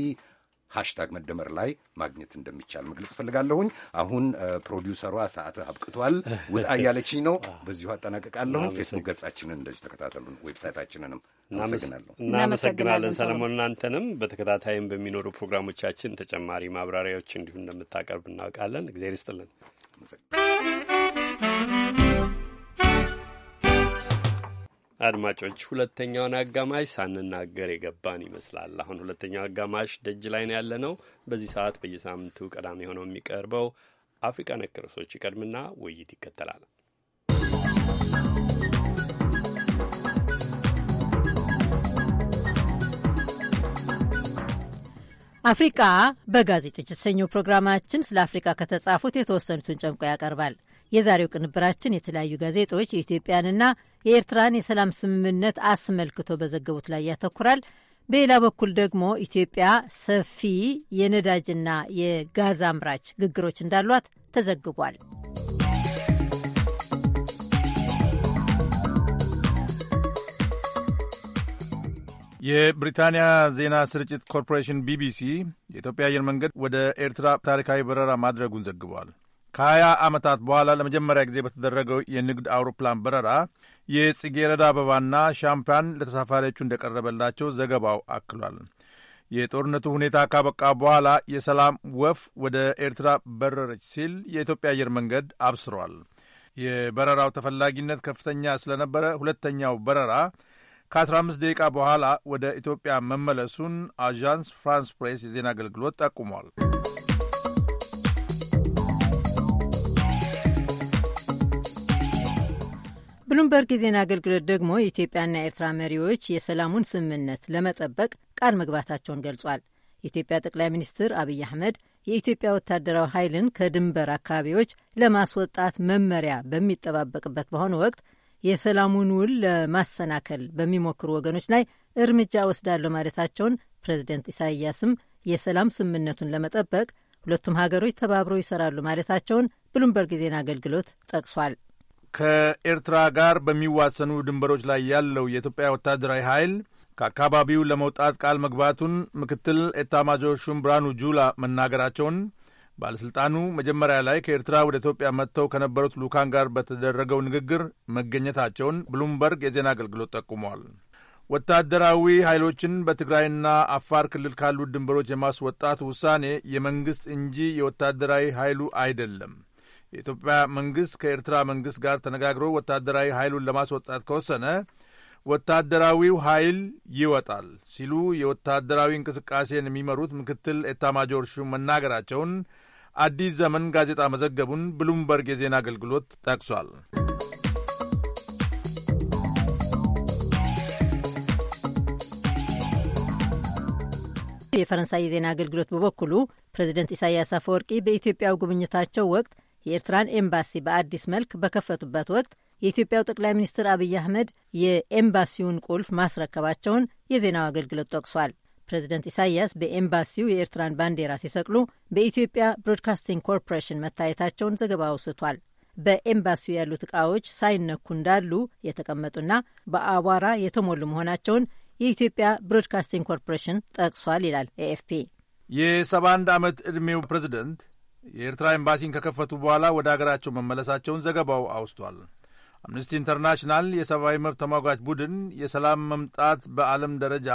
ሀሽታግ መደመር ላይ ማግኘት እንደሚቻል መግለጽ ፈልጋለሁኝ። አሁን ፕሮዲውሰሯ ሰዓት አብቅቷል ውጣ እያለችኝ ነው። በዚሁ አጠናቀቃለሁን። ፌስቡክ ገጻችንን እንደዚሁ ተከታተሉን፣ ዌብሳይታችንንም። አመሰግናለሁ። እናመሰግናለን ሰለሞን፣ እናንተንም በተከታታይም በሚኖሩ ፕሮግራሞቻችን ተጨማሪ ማብራሪያዎች እንዲሁ እንደምታቀርብ እናውቃለን። እግዜር ይስጥልን። አድማጮች ሁለተኛውን አጋማሽ ሳንናገር የገባን ይመስላል። አሁን ሁለተኛው አጋማሽ ደጅ ላይ ነው ያለ ነው። በዚህ ሰዓት በየሳምንቱ ቀዳሚ የሆነው የሚቀርበው አፍሪካ ነክ ርዕሶች ይቀድምና ውይይት ይከተላል። አፍሪቃ በጋዜጦች የተሰኘው ፕሮግራማችን ስለ አፍሪቃ ከተጻፉት የተወሰኑትን ጨምቆ ያቀርባል። የዛሬው ቅንብራችን የተለያዩ ጋዜጦች የኢትዮጵያንና የኤርትራን የሰላም ስምምነት አስመልክቶ በዘገቡት ላይ ያተኩራል። በሌላ በኩል ደግሞ ኢትዮጵያ ሰፊ የነዳጅና የጋዝ አምራች ግግሮች እንዳሏት ተዘግቧል። የብሪታንያ ዜና ስርጭት ኮርፖሬሽን ቢቢሲ የኢትዮጵያ አየር መንገድ ወደ ኤርትራ ታሪካዊ በረራ ማድረጉን ዘግቧል። ከ ያ ዓመታት በኋላ ለመጀመሪያ ጊዜ በተደረገው የንግድ አውሮፕላን በረራ የጽጌረዳ አበባና ሻምፓን ለተሳፋሪዎቹ እንደቀረበላቸው ዘገባው አክሏል። የጦርነቱ ሁኔታ ካበቃ በኋላ የሰላም ወፍ ወደ ኤርትራ በረረች ሲል የኢትዮጵያ አየር መንገድ አብስሯል። የበረራው ተፈላጊነት ከፍተኛ ስለነበረ ሁለተኛው በረራ ከ15 ደቂቃ በኋላ ወደ ኢትዮጵያ መመለሱን አዣንስ ፍራንስ ፕሬስ የዜና አገልግሎት ጠቁሟል። ብሉምበርግ የዜና አገልግሎት ደግሞ የኢትዮጵያና የኤርትራ መሪዎች የሰላሙን ስምምነት ለመጠበቅ ቃል መግባታቸውን ገልጿል። የኢትዮጵያ ጠቅላይ ሚኒስትር አብይ አህመድ የኢትዮጵያ ወታደራዊ ኃይልን ከድንበር አካባቢዎች ለማስወጣት መመሪያ በሚጠባበቅበት በሆነ ወቅት የሰላሙን ውል ለማሰናከል በሚሞክሩ ወገኖች ላይ እርምጃ ወስዳለሁ ማለታቸውን ፕሬዚደንት ኢሳይያስም የሰላም ስምምነቱን ለመጠበቅ ሁለቱም ሀገሮች ተባብረው ይሰራሉ ማለታቸውን ብሉምበርግ የዜና አገልግሎት ጠቅሷል። ከኤርትራ ጋር በሚዋሰኑ ድንበሮች ላይ ያለው የኢትዮጵያ ወታደራዊ ኃይል ከአካባቢው ለመውጣት ቃል መግባቱን ምክትል ኤታማዦር ሹም ብርሃኑ ጁላ መናገራቸውን ባለሥልጣኑ መጀመሪያ ላይ ከኤርትራ ወደ ኢትዮጵያ መጥተው ከነበሩት ልኡካን ጋር በተደረገው ንግግር መገኘታቸውን ብሉምበርግ የዜና አገልግሎት ጠቁሟል። ወታደራዊ ኃይሎችን በትግራይና አፋር ክልል ካሉት ድንበሮች የማስወጣት ውሳኔ የመንግሥት እንጂ የወታደራዊ ኃይሉ አይደለም። የኢትዮጵያ መንግሥት ከኤርትራ መንግሥት ጋር ተነጋግሮ ወታደራዊ ኃይሉን ለማስወጣት ከወሰነ ወታደራዊው ኃይል ይወጣል ሲሉ የወታደራዊ እንቅስቃሴን የሚመሩት ምክትል ኤታማጆር ሹም መናገራቸውን አዲስ ዘመን ጋዜጣ መዘገቡን ብሉምበርግ የዜና አገልግሎት ጠቅሷል። የፈረንሳይ የዜና አገልግሎት በበኩሉ ፕሬዚደንት ኢሳያስ አፈወርቂ በኢትዮጵያው ጉብኝታቸው ወቅት የኤርትራን ኤምባሲ በአዲስ መልክ በከፈቱበት ወቅት የኢትዮጵያው ጠቅላይ ሚኒስትር አብይ አህመድ የኤምባሲውን ቁልፍ ማስረከባቸውን የዜናው አገልግሎት ጠቅሷል። ፕሬዚደንት ኢሳያስ በኤምባሲው የኤርትራን ባንዲራ ሲሰቅሉ በኢትዮጵያ ብሮድካስቲንግ ኮርፖሬሽን መታየታቸውን ዘገባ አውስቷል። በኤምባሲው ያሉት እቃዎች ሳይነኩ እንዳሉ የተቀመጡና በአቧራ የተሞሉ መሆናቸውን የኢትዮጵያ ብሮድካስቲንግ ኮርፖሬሽን ጠቅሷል ይላል ኤኤፍፒ። የ71 ዓመት ዕድሜው ፕሬዚደንት የኤርትራ ኤምባሲን ከከፈቱ በኋላ ወደ አገራቸው መመለሳቸውን ዘገባው አውስቷል። አምነስቲ ኢንተርናሽናል የሰብአዊ መብት ተሟጋች ቡድን የሰላም መምጣት በዓለም ደረጃ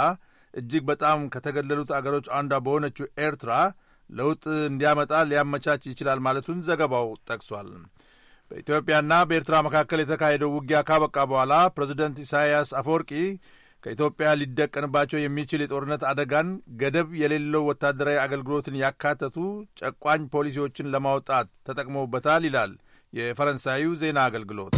እጅግ በጣም ከተገለሉት አገሮች አንዷ በሆነችው ኤርትራ ለውጥ እንዲያመጣ ሊያመቻች ይችላል ማለቱን ዘገባው ጠቅሷል። በኢትዮጵያና በኤርትራ መካከል የተካሄደው ውጊያ ካበቃ በኋላ ፕሬዚደንት ኢሳይያስ አፈወርቂ ከኢትዮጵያ ሊደቀንባቸው የሚችል የጦርነት አደጋን፣ ገደብ የሌለው ወታደራዊ አገልግሎትን ያካተቱ ጨቋኝ ፖሊሲዎችን ለማውጣት ተጠቅመውበታል ይላል የፈረንሳዩ ዜና አገልግሎት።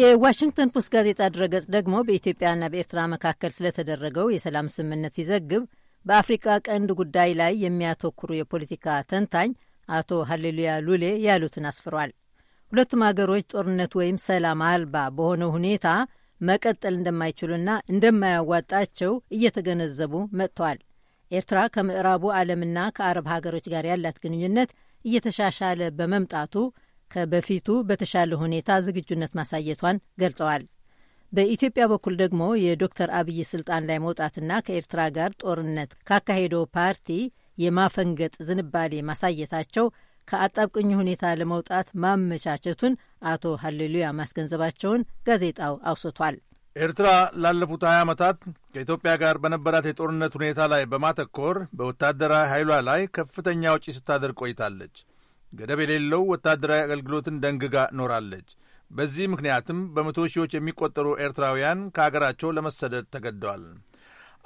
የዋሽንግተን ፖስት ጋዜጣ ድረገጽ ደግሞ በኢትዮጵያና በኤርትራ መካከል ስለተደረገው የሰላም ስምምነት ሲዘግብ በአፍሪቃ ቀንድ ጉዳይ ላይ የሚያተኩሩ የፖለቲካ ተንታኝ አቶ ሀሌሉያ ሉሌ ያሉትን አስፍሯል። ሁለቱም አገሮች ጦርነት ወይም ሰላም አልባ በሆነ ሁኔታ መቀጠል እንደማይችሉና እንደማያዋጣቸው እየተገነዘቡ መጥተዋል። ኤርትራ ከምዕራቡ ዓለምና ከአረብ ሀገሮች ጋር ያላት ግንኙነት እየተሻሻለ በመምጣቱ ከበፊቱ በተሻለ ሁኔታ ዝግጁነት ማሳየቷን ገልጸዋል። በኢትዮጵያ በኩል ደግሞ የዶክተር አብይ ስልጣን ላይ መውጣትና ከኤርትራ ጋር ጦርነት ካካሄደው ፓርቲ የማፈንገጥ ዝንባሌ ማሳየታቸው ከአጣብቅኝ ሁኔታ ለመውጣት ማመቻቸቱን አቶ ሀሌሉያ ማስገንዘባቸውን ጋዜጣው አውስቷል። ኤርትራ ላለፉት 20 ዓመታት ከኢትዮጵያ ጋር በነበራት የጦርነት ሁኔታ ላይ በማተኮር በወታደራዊ ኃይሏ ላይ ከፍተኛ ውጪ ስታደርግ ቆይታለች። ገደብ የሌለው ወታደራዊ አገልግሎትን ደንግጋ ኖራለች። በዚህ ምክንያትም በመቶ ሺዎች የሚቆጠሩ ኤርትራውያን ከአገራቸው ለመሰደድ ተገደዋል።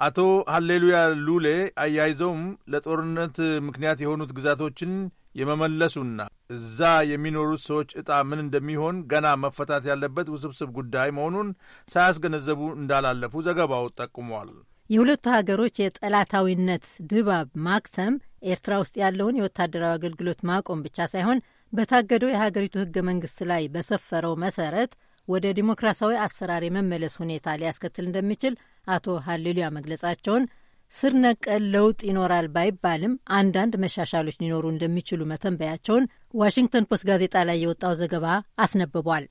አቶ ሀሌሉያ ሉሌ አያይዘውም ለጦርነት ምክንያት የሆኑት ግዛቶችን የመመለሱና እዛ የሚኖሩት ሰዎች ዕጣ ምን እንደሚሆን ገና መፈታት ያለበት ውስብስብ ጉዳይ መሆኑን ሳያስገነዘቡ እንዳላለፉ ዘገባው ጠቁሟል። የሁለቱ ሀገሮች የጠላታዊነት ድባብ ማክተም ኤርትራ ውስጥ ያለውን የወታደራዊ አገልግሎት ማቆም ብቻ ሳይሆን በታገደው የሀገሪቱ ህገ መንግስት ላይ በሰፈረው መሰረት ወደ ዲሞክራሲያዊ አሰራር የመመለስ ሁኔታ ሊያስከትል እንደሚችል አቶ ሀሌሉያ መግለጻቸውን ስር ነቀል ለውጥ ይኖራል ባይባልም አንዳንድ መሻሻሎች ሊኖሩ እንደሚችሉ መተንበያቸውን ዋሽንግተን ፖስት ጋዜጣ ላይ የወጣው ዘገባ አስነብቧል።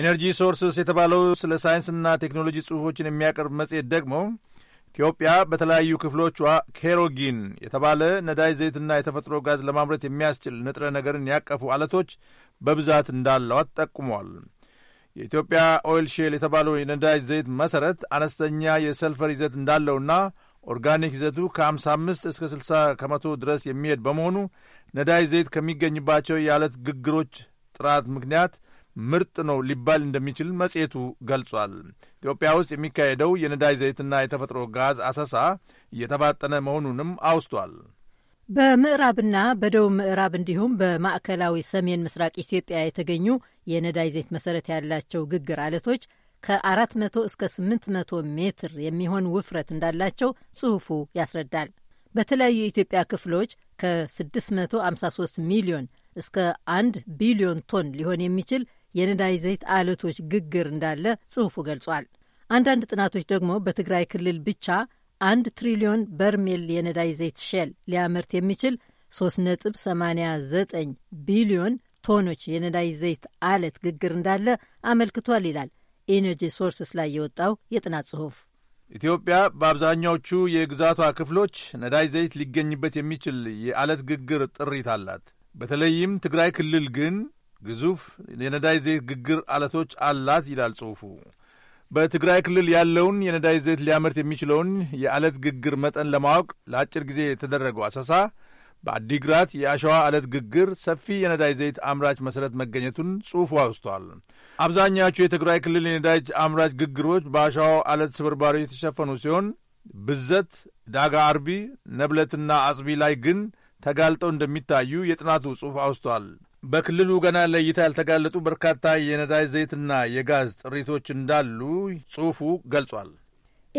ኢነርጂ ሶርስስ የተባለው ስለ ሳይንስና ቴክኖሎጂ ጽሑፎችን የሚያቀርብ መጽሔት ደግሞ ኢትዮጵያ በተለያዩ ክፍሎቿ ኬሮጊን የተባለ ነዳጅ ዘይትና የተፈጥሮ ጋዝ ለማምረት የሚያስችል ንጥረ ነገርን ያቀፉ አለቶች በብዛት እንዳለዋት ጠቁሟል። የኢትዮጵያ ኦይል ሼል የተባለው የነዳጅ ዘይት መሠረት አነስተኛ የሰልፈር ይዘት እንዳለውና ኦርጋኒክ ይዘቱ ከ55 እስከ 60 ከመቶ ድረስ የሚሄድ በመሆኑ ነዳጅ ዘይት ከሚገኝባቸው የአለት ግግሮች ጥራት ምክንያት ምርጥ ነው ሊባል እንደሚችል መጽሔቱ ገልጿል። ኢትዮጵያ ውስጥ የሚካሄደው የነዳጅ ዘይትና የተፈጥሮ ጋዝ አሰሳ እየተፋጠነ መሆኑንም አውስቷል። በምዕራብና በደቡብ ምዕራብ እንዲሁም በማዕከላዊ ሰሜን ምስራቅ ኢትዮጵያ የተገኙ የነዳጅ ዘይት መሰረት ያላቸው ግግር አለቶች ከ400 እስከ 800 ሜትር የሚሆን ውፍረት እንዳላቸው ጽሑፉ ያስረዳል። በተለያዩ የኢትዮጵያ ክፍሎች ከ653 ሚሊዮን እስከ 1 ቢሊዮን ቶን ሊሆን የሚችል የነዳጅ ዘይት አለቶች ግግር እንዳለ ጽሑፉ ገልጿል። አንዳንድ ጥናቶች ደግሞ በትግራይ ክልል ብቻ አንድ ትሪሊዮን በርሜል የነዳጅ ዘይት ሼል ሊያመርት የሚችል 3.89 ቢሊዮን ቶኖች የነዳጅ ዘይት አለት ግግር እንዳለ አመልክቷል ይላል ኢነርጂ ሶርስስ ላይ የወጣው የጥናት ጽሑፍ። ኢትዮጵያ በአብዛኛዎቹ የግዛቷ ክፍሎች ነዳጅ ዘይት ሊገኝበት የሚችል የአለት ግግር ጥሪት አላት። በተለይም ትግራይ ክልል ግን ግዙፍ የነዳጅ ዘይት ግግር አለቶች አላት ይላል ጽሑፉ። በትግራይ ክልል ያለውን የነዳጅ ዘይት ሊያመርት የሚችለውን የአለት ግግር መጠን ለማወቅ ለአጭር ጊዜ የተደረገው አሰሳ በአዲግራት የአሸዋ አለት ግግር ሰፊ የነዳጅ ዘይት አምራች መሠረት መገኘቱን ጽሑፉ አውስቷል። አብዛኛዎቹ የትግራይ ክልል የነዳጅ አምራች ግግሮች በአሸዋው አለት ስብርባሪዎች የተሸፈኑ ሲሆን ብዘት፣ ዳጋ አርቢ፣ ነብለትና አጽቢ ላይ ግን ተጋልጠው እንደሚታዩ የጥናቱ ጽሑፍ አውስቷል። በክልሉ ገና ለእይታ ያልተጋለጡ በርካታ የነዳጅ ዘይትና የጋዝ ጥሪቶች እንዳሉ ጽሑፉ ገልጿል።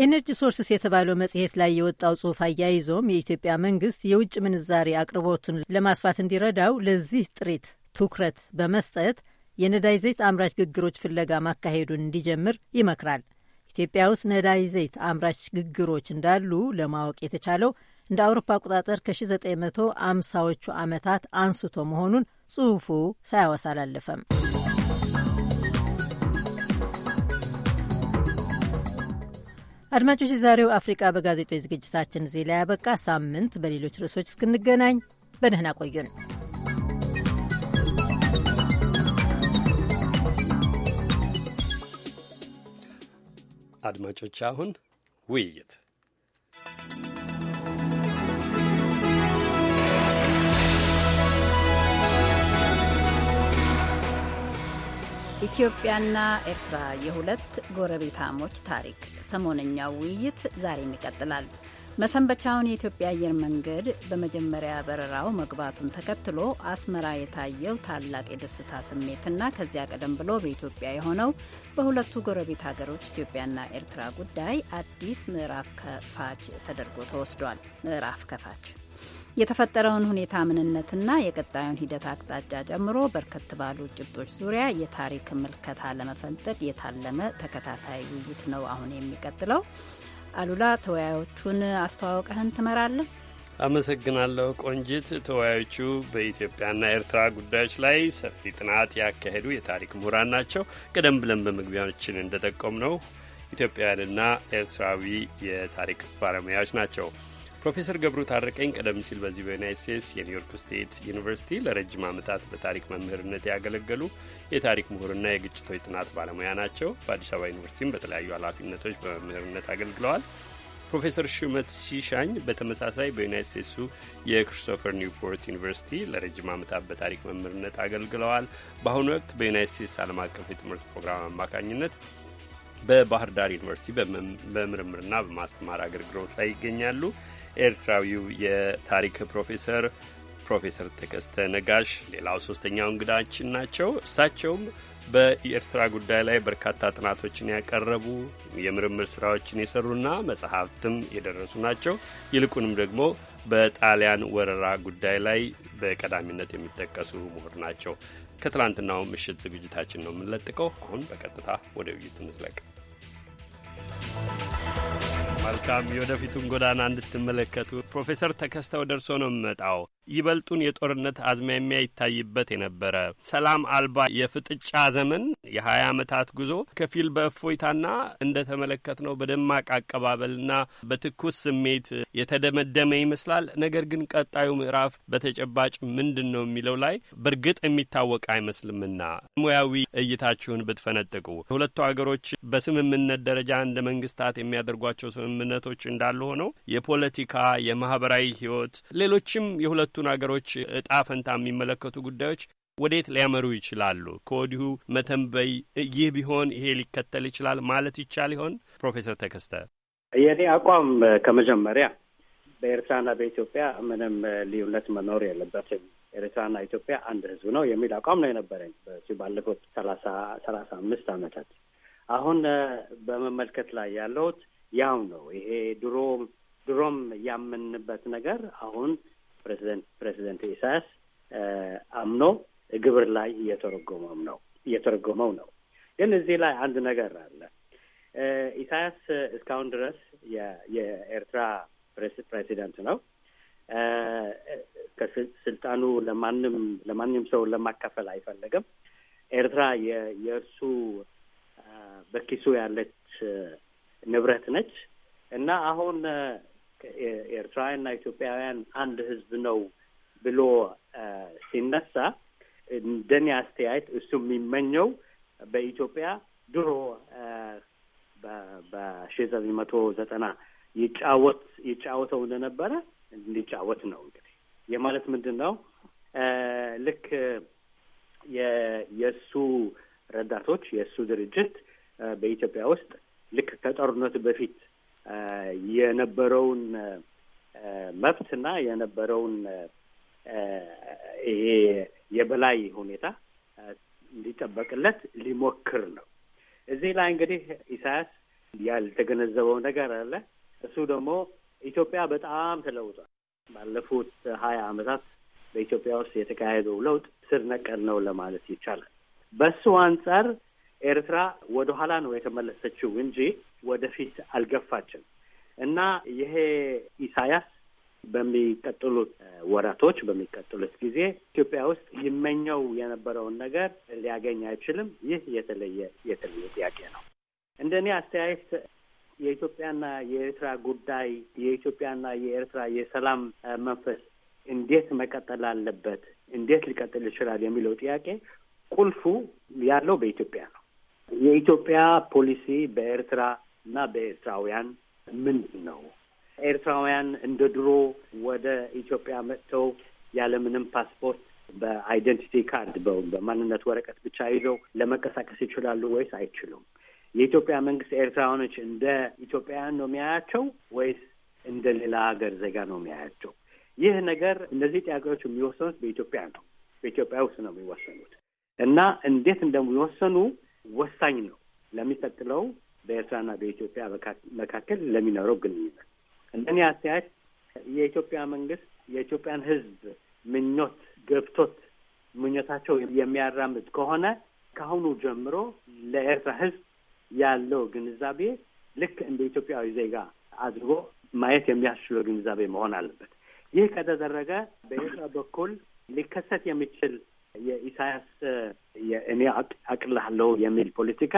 ኤነርጂ ሶርስስ የተባለው መጽሔት ላይ የወጣው ጽሑፍ አያይዞም የኢትዮጵያ መንግስት የውጭ ምንዛሪ አቅርቦትን ለማስፋት እንዲረዳው ለዚህ ጥሪት ትኩረት በመስጠት የነዳጅ ዘይት አምራች ግግሮች ፍለጋ ማካሄዱን እንዲጀምር ይመክራል። ኢትዮጵያ ውስጥ ነዳጅ ዘይት አምራች ግግሮች እንዳሉ ለማወቅ የተቻለው እንደ አውሮፓ አቆጣጠር ከ1950ዎቹ ዓመታት አንስቶ መሆኑን ጽሑፉ ሳያወሳ አላለፈም። አድማጮች፣ የዛሬው አፍሪቃ በጋዜጦች ዝግጅታችን እዚህ ላይ ያበቃ። ሳምንት በሌሎች ርዕሶች እስክንገናኝ በደህና ቆዩን። አድማጮች አሁን ውይይት ኢትዮጵያና ኤርትራ የሁለት ጎረቤታሞች ታሪክ ሰሞነኛው ውይይት ዛሬም ይቀጥላል። መሰንበቻውን የኢትዮጵያ አየር መንገድ በመጀመሪያ በረራው መግባቱን ተከትሎ አስመራ የታየው ታላቅ የደስታ ስሜትና ከዚያ ቀደም ብሎ በኢትዮጵያ የሆነው በሁለቱ ጎረቤት ሀገሮች ኢትዮጵያና ኤርትራ ጉዳይ አዲስ ምዕራፍ ከፋች ተደርጎ ተወስዷል። ምዕራፍ ከፋች የተፈጠረውን ሁኔታ ምንነትና የቀጣዩን ሂደት አቅጣጫ ጨምሮ በርከት ባሉ ጭብጦች ዙሪያ የታሪክ ምልከታ ለመፈንጠቅ የታለመ ተከታታይ ውይይት ነው አሁን የሚቀጥለው። አሉላ ተወያዮቹን አስተዋውቀህን ትመራለን? አመሰግናለሁ ቆንጅት ተወያዮቹ በኢትዮጵያና ኤርትራ ጉዳዮች ላይ ሰፊ ጥናት ያካሄዱ የታሪክ ምሁራን ናቸው። ቀደም ብለን በመግቢያችን እንደጠቆም ነው ኢትዮጵያውያንና ኤርትራዊ የታሪክ ባለሙያዎች ናቸው። ፕሮፌሰር ገብሩ ታረቀኝ ቀደም ሲል በዚህ በዩናይት ስቴትስ የኒውዮርክ ስቴት ዩኒቨርሲቲ ለረጅም ዓመታት በታሪክ መምህርነት ያገለገሉ የታሪክ ምሁርና የግጭቶች ጥናት ባለሙያ ናቸው። በአዲስ አበባ ዩኒቨርሲቲም በተለያዩ ኃላፊነቶች በመምህርነት አገልግለዋል። ፕሮፌሰር ሹመት ሺሻኝ በተመሳሳይ በዩናይት ስቴትሱ የክሪስቶፈር ኒውፖርት ዩኒቨርሲቲ ለረጅም ዓመታት በታሪክ መምህርነት አገልግለዋል። በአሁኑ ወቅት በዩናይት ስቴትስ ዓለም አቀፍ የትምህርት ፕሮግራም አማካኝነት በባህር ዳር ዩኒቨርሲቲ በምርምርና በማስተማር አገልግሎት ላይ ይገኛሉ። ኤርትራዊው የታሪክ ፕሮፌሰር ፕሮፌሰር ተከስተ ነጋሽ ሌላው ሶስተኛው እንግዳችን ናቸው። እሳቸውም በኤርትራ ጉዳይ ላይ በርካታ ጥናቶችን ያቀረቡ የምርምር ስራዎችን የሰሩና መጽሐፍትም የደረሱ ናቸው። ይልቁንም ደግሞ በጣሊያን ወረራ ጉዳይ ላይ በቀዳሚነት የሚጠቀሱ ምሁር ናቸው። ከትላንትናው ምሽት ዝግጅታችን ነው የምንለጥቀው። አሁን በቀጥታ ወደ ውይይት እንዝለቅ። መልካም የወደፊቱን ጎዳና እንድትመለከቱ ፕሮፌሰር ተከስተው ደርሶ ነው የምመጣው ይበልጡን የጦርነት አዝማሚያ ይታይበት የነበረ ሰላም አልባ የፍጥጫ ዘመን የሀያ ዓመታት ጉዞ ከፊል በእፎይታና እንደ ተመለከት ነው በደማቅ አቀባበልና በትኩስ ስሜት የተደመደመ ይመስላል። ነገር ግን ቀጣዩ ምዕራፍ በተጨባጭ ምንድን ነው የሚለው ላይ በእርግጥ የሚታወቅ አይመስልምና ሙያዊ እይታችሁን ብትፈነጥቁ ሁለቱ ሀገሮች በስምምነት ደረጃ እንደ መንግስታት የሚያደርጓቸው ስምምነቶች እንዳሉ ሆነው የፖለቲካ የማህበራዊ ህይወት ሌሎችም የሁለቱ የሁለቱን አገሮች እጣ ፈንታ የሚመለከቱ ጉዳዮች ወዴት ሊያመሩ ይችላሉ? ከወዲሁ መተንበይ ይህ ቢሆን ይሄ ሊከተል ይችላል ማለት ይቻል ይሆን? ፕሮፌሰር ተከስተ የእኔ አቋም ከመጀመሪያ በኤርትራና በኢትዮጵያ ምንም ልዩነት መኖር የለበትም። ኤርትራና ኢትዮጵያ አንድ ህዝብ ነው የሚል አቋም ነው የነበረኝ በዚህ ባለፉት ሰላሳ ሰላሳ አምስት አመታት አሁን በመመልከት ላይ ያለሁት ያው ነው። ይሄ ድሮ ድሮም ያምንበት ነገር አሁን ፕሬዚደንት ፕሬዚደንት ኢሳያስ አምኖ ግብር ላይ እየተረጎመም ነው እየተረጎመው ነው። ግን እዚህ ላይ አንድ ነገር አለ። ኢሳያስ እስካሁን ድረስ የኤርትራ ፕሬዚደንት ነው። ከስልጣኑ ለማንም ለማንም ሰው ለማካፈል አይፈለግም። ኤርትራ የእርሱ በኪሱ ያለች ንብረት ነች እና አሁን ኤርትራውያንና ኢትዮጵያውያን አንድ ህዝብ ነው ብሎ ሲነሳ እንደኔ አስተያየት እሱ የሚመኘው በኢትዮጵያ ድሮ በሺ ዘጠኝ መቶ ዘጠና ይጫወት ይጫወተው እንደነበረ እንዲጫወት ነው። እንግዲህ የማለት ምንድን ነው ልክ የእሱ ረዳቶች የእሱ ድርጅት በኢትዮጵያ ውስጥ ልክ ከጦርነቱ በፊት የነበረውን መብትና የነበረውን ይሄ የበላይ ሁኔታ እንዲጠበቅለት ሊሞክር ነው። እዚህ ላይ እንግዲህ ኢሳያስ ያልተገነዘበው ነገር አለ። እሱ ደግሞ ኢትዮጵያ በጣም ተለውጧል። ባለፉት ሀያ ዓመታት በኢትዮጵያ ውስጥ የተካሄደው ለውጥ ስር ነቀል ነው ለማለት ይቻላል። በሱ አንጻር ኤርትራ ወደኋላ ነው የተመለሰችው እንጂ ወደፊት አልገፋችም እና ይሄ ኢሳያስ በሚቀጥሉት ወራቶች በሚቀጥሉት ጊዜ ኢትዮጵያ ውስጥ ይመኘው የነበረውን ነገር ሊያገኝ አይችልም። ይህ የተለየ የተለየ ጥያቄ ነው። እንደ እኔ አስተያየት የኢትዮጵያና የኤርትራ ጉዳይ የኢትዮጵያና የኤርትራ የሰላም መንፈስ እንዴት መቀጠል አለበት፣ እንዴት ሊቀጥል ይችላል የሚለው ጥያቄ ቁልፉ ያለው በኢትዮጵያ ነው። የኢትዮጵያ ፖሊሲ በኤርትራ እና በኤርትራውያን ምንድን ነው? ኤርትራውያን እንደ ድሮ ወደ ኢትዮጵያ መጥተው ያለምንም ፓስፖርት በአይደንቲቲ ካርድ በማንነት ወረቀት ብቻ ይዘው ለመንቀሳቀስ ይችላሉ ወይስ አይችሉም? የኢትዮጵያ መንግስት ኤርትራውያኖች እንደ ኢትዮጵያውያን ነው የሚያያቸው ወይስ እንደ ሌላ ሀገር ዜጋ ነው የሚያያቸው? ይህ ነገር እነዚህ ጥያቄዎች የሚወሰኑት በኢትዮጵያ ነው፣ በኢትዮጵያ ውስጥ ነው የሚወሰኑት እና እንዴት እንደሚወሰኑ ወሳኝ ነው ለሚቀጥለው በኤርትራና በኢትዮጵያ መካከል ለሚኖረው ግንኙነት እንደኔ አስተያየት የኢትዮጵያ መንግስት የኢትዮጵያን ሕዝብ ምኞት ገብቶት ምኞታቸው የሚያራምድ ከሆነ ከአሁኑ ጀምሮ ለኤርትራ ሕዝብ ያለው ግንዛቤ ልክ እንደ ኢትዮጵያዊ ዜጋ አድርጎ ማየት የሚያስችለው ግንዛቤ መሆን አለበት። ይህ ከተደረገ በኤርትራ በኩል ሊከሰት የሚችል የኢሳያስ የእኔ አቅልሃለሁ የሚል ፖለቲካ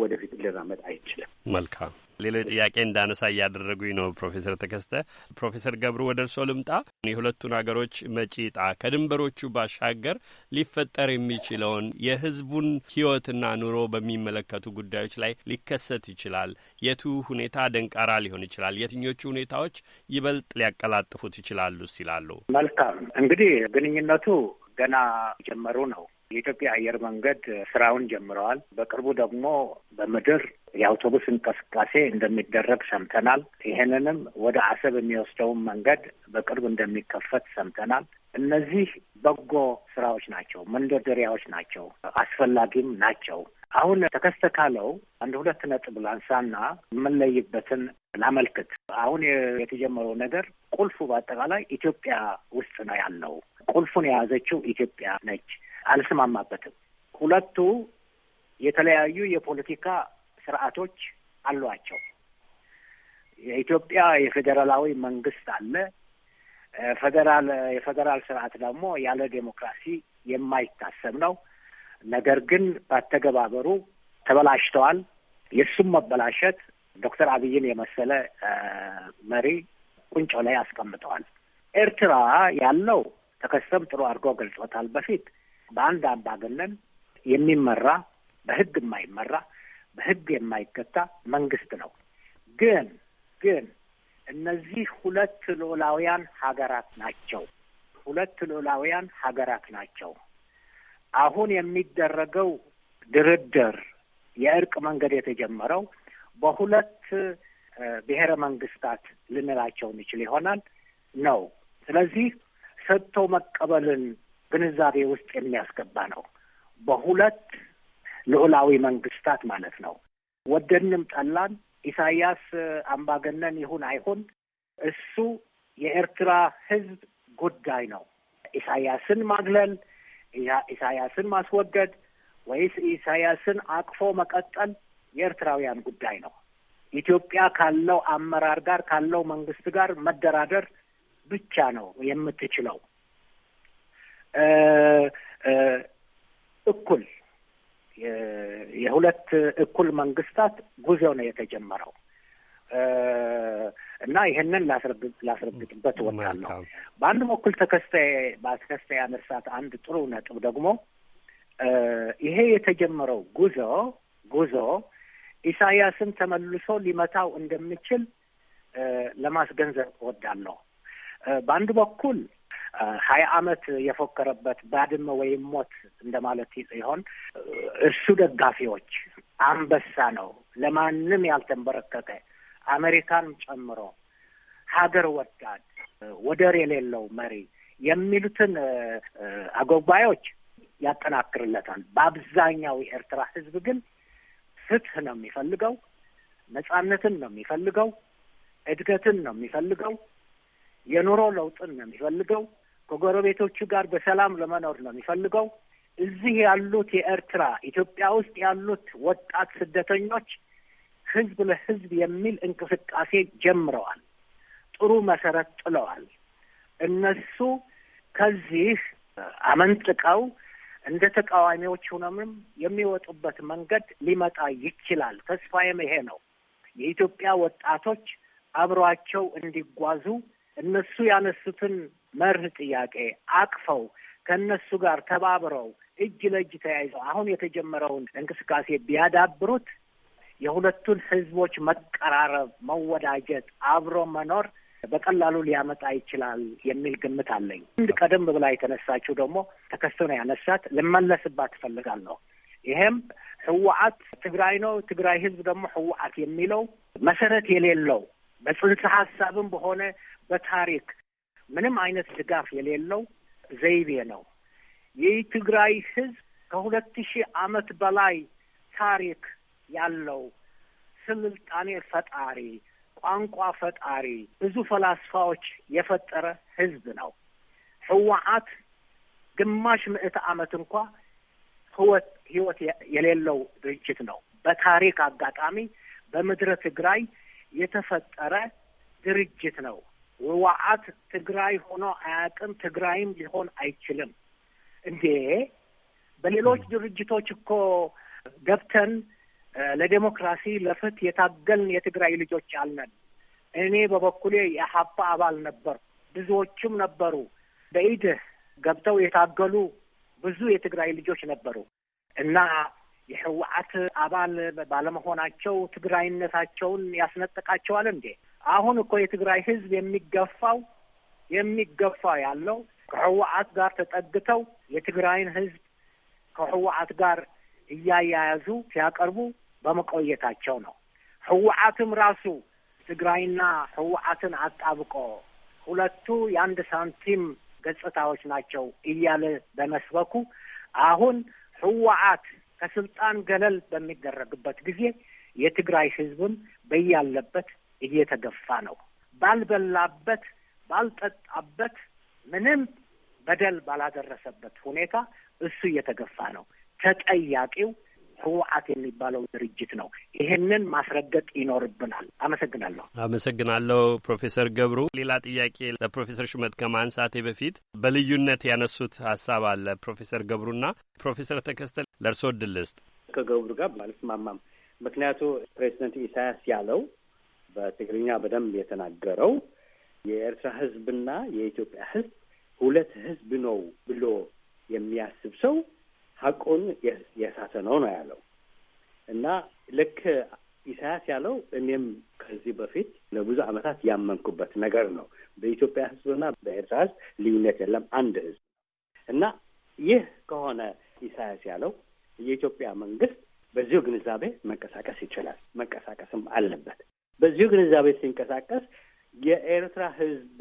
ወደፊት ሊራመድ አይችልም። መልካም ሌሎች ጥያቄ እንዳነሳ እያደረጉኝ ነው ፕሮፌሰር ተከስተ። ፕሮፌሰር ገብሩ ወደ እርስዎ ልምጣ። የሁለቱን ሀገሮች መጪ ዕጣ ከድንበሮቹ ባሻገር ሊፈጠር የሚችለውን የሕዝቡን ሕይወትና ኑሮ በሚመለከቱ ጉዳዮች ላይ ሊከሰት ይችላል። የቱ ሁኔታ ደንቃራ ሊሆን ይችላል? የትኞቹ ሁኔታዎች ይበልጥ ሊያቀላጥፉት ይችላሉ? ሲላሉ መልካም እንግዲህ ግንኙነቱ ገና ጀመሩ ነው የኢትዮጵያ አየር መንገድ ስራውን ጀምረዋል። በቅርቡ ደግሞ በምድር የአውቶቡስ እንቅስቃሴ እንደሚደረግ ሰምተናል። ይህንንም ወደ አሰብ የሚወስደውን መንገድ በቅርብ እንደሚከፈት ሰምተናል። እነዚህ በጎ ስራዎች ናቸው፣ መንደርደሪያዎች ናቸው፣ አስፈላጊም ናቸው። አሁን ተከስተ ካለው አንድ ሁለት ነጥብ ላንሳና የምንለይበትን ላመልክት። አሁን የተጀመረው ነገር ቁልፉ በአጠቃላይ ኢትዮጵያ ውስጥ ነው ያለው። ቁልፉን የያዘችው ኢትዮጵያ ነች። አልስማማበትም። ሁለቱ የተለያዩ የፖለቲካ ስርዓቶች አሏቸው። የኢትዮጵያ የፌዴራላዊ መንግስት አለ። ፌዴራል የፌዴራል ስርዓት ደግሞ ያለ ዴሞክራሲ የማይታሰብ ነው። ነገር ግን በአተገባበሩ ተበላሽተዋል። የእሱም መበላሸት ዶክተር አብይን የመሰለ መሪ ቁንጮ ላይ አስቀምጠዋል። ኤርትራ ያለው ተከስተም ጥሩ አድርጎ ገልጾታል በፊት በአንድ አምባገነን የሚመራ በህግ የማይመራ በህግ የማይገታ መንግስት ነው። ግን ግን እነዚህ ሁለት ሎላውያን ሀገራት ናቸው። ሁለት ሎላውያን ሀገራት ናቸው። አሁን የሚደረገው ድርድር የእርቅ መንገድ የተጀመረው በሁለት ብሔረ መንግስታት ልንላቸው እንችል ይሆናል ነው። ስለዚህ ሰጥቶ መቀበልን ግንዛቤ ውስጥ የሚያስገባ ነው። በሁለት ልዑላዊ መንግስታት ማለት ነው። ወደንም ጠላን ኢሳያስ አምባገነን ይሁን አይሁን እሱ የኤርትራ ህዝብ ጉዳይ ነው። ኢሳያስን ማግለል፣ ኢሳያስን ማስወገድ ወይስ ኢሳያስን አቅፎ መቀጠል የኤርትራውያን ጉዳይ ነው። ኢትዮጵያ ካለው አመራር ጋር ካለው መንግስት ጋር መደራደር ብቻ ነው የምትችለው። እኩል የሁለት እኩል መንግስታት ጉዞ ነው የተጀመረው እና ይህንን ላስረግጥበት እወዳለሁ። በአንድ በኩል ተከስተ በተከስተ ያነሳት አንድ ጥሩ ነጥብ ደግሞ ይሄ የተጀመረው ጉዞ ጉዞ ኢሳያስን ተመልሶ ሊመታው እንደሚችል ለማስገንዘብ እወዳለሁ። በአንድ በኩል ሀያ አመት የፎከረበት ባድመ ወይም ሞት እንደማለት ሲሆን እሱ ደጋፊዎች አንበሳ ነው፣ ለማንም ያልተንበረከከ አሜሪካን ጨምሮ ሀገር ወዳድ ወደር የሌለው መሪ የሚሉትን አጎባዮች ያጠናክርለታል። በአብዛኛው የኤርትራ ህዝብ ግን ፍትህ ነው የሚፈልገው፣ ነጻነትን ነው የሚፈልገው፣ እድገትን ነው የሚፈልገው የኑሮ ለውጥን ነው የሚፈልገው። ከጎረቤቶቹ ጋር በሰላም ለመኖር ነው የሚፈልገው። እዚህ ያሉት የኤርትራ ኢትዮጵያ ውስጥ ያሉት ወጣት ስደተኞች ህዝብ ለህዝብ የሚል እንቅስቃሴ ጀምረዋል። ጥሩ መሰረት ጥለዋል። እነሱ ከዚህ አመንጥቀው እንደ ተቃዋሚዎች ሆነምም የሚወጡበት መንገድ ሊመጣ ይችላል። ተስፋዬም ይሄ ነው። የኢትዮጵያ ወጣቶች አብሯቸው እንዲጓዙ እነሱ ያነሱትን መርህ ጥያቄ አቅፈው ከእነሱ ጋር ተባብረው እጅ ለእጅ ተያይዘው አሁን የተጀመረውን እንቅስቃሴ ቢያዳብሩት የሁለቱን ህዝቦች መቀራረብ፣ መወዳጀት፣ አብሮ መኖር በቀላሉ ሊያመጣ ይችላል የሚል ግምት አለኝ። እንድ ቀደም ብላ የተነሳችው ደግሞ ተከስቶ ነው ያነሳት ልመለስባት ትፈልጋለሁ። ይሄም ህወሓት ትግራይ ነው፣ ትግራይ ህዝብ ደግሞ ህወሓት የሚለው መሰረት የሌለው በጽንሰ ሀሳብም በሆነ በታሪክ ምንም አይነት ድጋፍ የሌለው ዘይቤ ነው። የትግራይ ህዝብ ከሁለት ሺህ አመት በላይ ታሪክ ያለው ስልጣኔ ፈጣሪ፣ ቋንቋ ፈጣሪ፣ ብዙ ፈላስፋዎች የፈጠረ ህዝብ ነው። ህወሓት ግማሽ ምዕተ ዓመት እንኳ ህወት ህይወት የሌለው ድርጅት ነው። በታሪክ አጋጣሚ በምድረ ትግራይ የተፈጠረ ድርጅት ነው። ህወሓት ትግራይ ሆኖ አያውቅም፣ ትግራይም ሊሆን አይችልም። እንዴ በሌሎች ድርጅቶች እኮ ገብተን ለዴሞክራሲ ለፍትህ የታገልን የትግራይ ልጆች አልነን። እኔ በበኩሌ የሀባ አባል ነበር፣ ብዙዎችም ነበሩ። በኢድህ ገብተው የታገሉ ብዙ የትግራይ ልጆች ነበሩ እና የህወሓት አባል ባለመሆናቸው ትግራይነታቸውን ያስነጥቃቸዋል እንዴ? አሁን እኮ የትግራይ ህዝብ የሚገፋው የሚገፋ ያለው ከህወሓት ጋር ተጠግተው የትግራይን ህዝብ ከህወሓት ጋር እያያያዙ ሲያቀርቡ በመቆየታቸው ነው። ህወሓትም ራሱ ትግራይና ህወሓትን አጣብቆ ሁለቱ የአንድ ሳንቲም ገጽታዎች ናቸው እያለ በመስበኩ አሁን ህወሓት ከስልጣን ገለል በሚደረግበት ጊዜ የትግራይ ህዝብም በያለበት እየተገፋ ነው። ባልበላበት፣ ባልጠጣበት፣ ምንም በደል ባላደረሰበት ሁኔታ እሱ እየተገፋ ነው። ተጠያቂው ህወሓት የሚባለው ድርጅት ነው። ይህንን ማስረገጥ ይኖርብናል። አመሰግናለሁ። አመሰግናለሁ ፕሮፌሰር ገብሩ። ሌላ ጥያቄ ለፕሮፌሰር ሹመት ከማንሳቴ በፊት በልዩነት ያነሱት ሀሳብ አለ ፕሮፌሰር ገብሩና ፕሮፌሰር ተከስተ ለእርስዎ ድል ስጥ። ከገብሩ ጋር አልስማማም። ምክንያቱ ፕሬዚደንት ኢሳያስ ያለው በትግርኛ በደንብ የተናገረው የኤርትራ ህዝብና የኢትዮጵያ ህዝብ ሁለት ህዝብ ነው ብሎ የሚያስብ ሰው ሀቁን የሳተ ነው ነው ያለው እና ልክ ኢሳያስ ያለው እኔም ከዚህ በፊት ለብዙ ዓመታት ያመንኩበት ነገር ነው። በኢትዮጵያ ህዝብና በኤርትራ ህዝብ ልዩነት የለም፣ አንድ ህዝብ እና ይህ ከሆነ ኢሳያስ ያለው የኢትዮጵያ መንግስት በዚሁ ግንዛቤ መንቀሳቀስ ይችላል፣ መንቀሳቀስም አለበት። በዚሁ ግንዛቤ ሲንቀሳቀስ የኤርትራ ህዝብ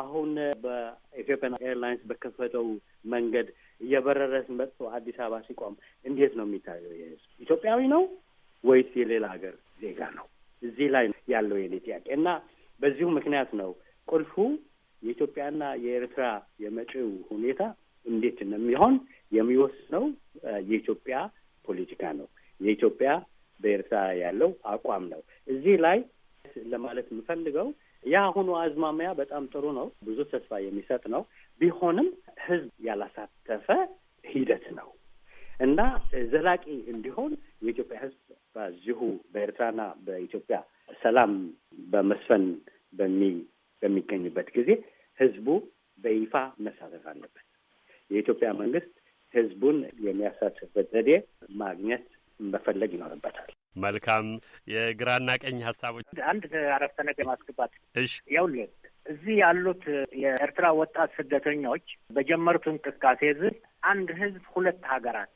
አሁን በኢትዮጵያን ኤርላይንስ በከፈተው መንገድ እየበረረ መጥቶ አዲስ አበባ ሲቆም እንዴት ነው የሚታየው? የህዝብ ኢትዮጵያዊ ነው ወይስ የሌላ ሀገር ዜጋ ነው? እዚህ ላይ ያለው የኔ ጥያቄ እና በዚሁ ምክንያት ነው ቁልፉ የኢትዮጵያና የኤርትራ የመጪው ሁኔታ እንዴት እንደሚሆን የሚወስነው የኢትዮጵያ ፖለቲካ ነው። የኢትዮጵያ በኤርትራ ያለው አቋም ነው። እዚህ ላይ ለማለት የምፈልገው ያ አሁኑ አዝማሚያ በጣም ጥሩ ነው፣ ብዙ ተስፋ የሚሰጥ ነው። ቢሆንም ህዝብ ያላሳተፈ ሂደት ነው እና ዘላቂ እንዲሆን የኢትዮጵያ ህዝብ በዚሁ በኤርትራና በኢትዮጵያ ሰላም በመስፈን በሚገኝበት ጊዜ ህዝቡ በይፋ መሳተፍ አለበት። የኢትዮጵያ መንግስት ህዝቡን የሚያሳትፍበት ዘዴ ማግኘት መፈለግ ይኖርበታል። መልካም የግራና ቀኝ ሀሳቦች አንድ አረፍተ ነገር ማስገባት እሺ ያውልህ እዚህ ያሉት የኤርትራ ወጣት ስደተኞች በጀመሩት እንቅስቃሴ ዝህ አንድ ህዝብ ሁለት ሀገራት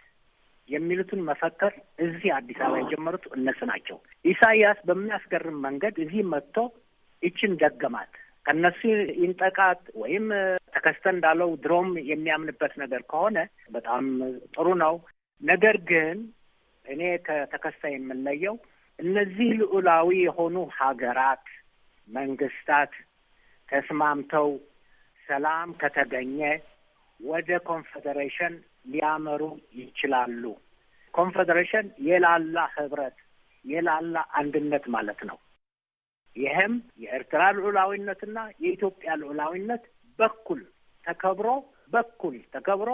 የሚሉትን መፈከር እዚህ አዲስ አበባ የጀመሩት እነሱ ናቸው። ኢሳያስ በሚያስገርም መንገድ እዚህ መጥቶ ይችን ደገማት። ከነሱ ይንጠቃት ወይም ተከስተ እንዳለው ድሮም የሚያምንበት ነገር ከሆነ በጣም ጥሩ ነው። ነገር ግን እኔ ከተከሳይ የምለየው እነዚህ ልዑላዊ የሆኑ ሀገራት መንግስታት ተስማምተው ሰላም ከተገኘ ወደ ኮንፌዴሬሽን ሊያመሩ ይችላሉ። ኮንፌዴሬሽን የላላ ህብረት፣ የላላ አንድነት ማለት ነው። ይህም የኤርትራ ልዑላዊነትና የኢትዮጵያ ልዑላዊነት በኩል ተከብሮ በኩል ተከብሮ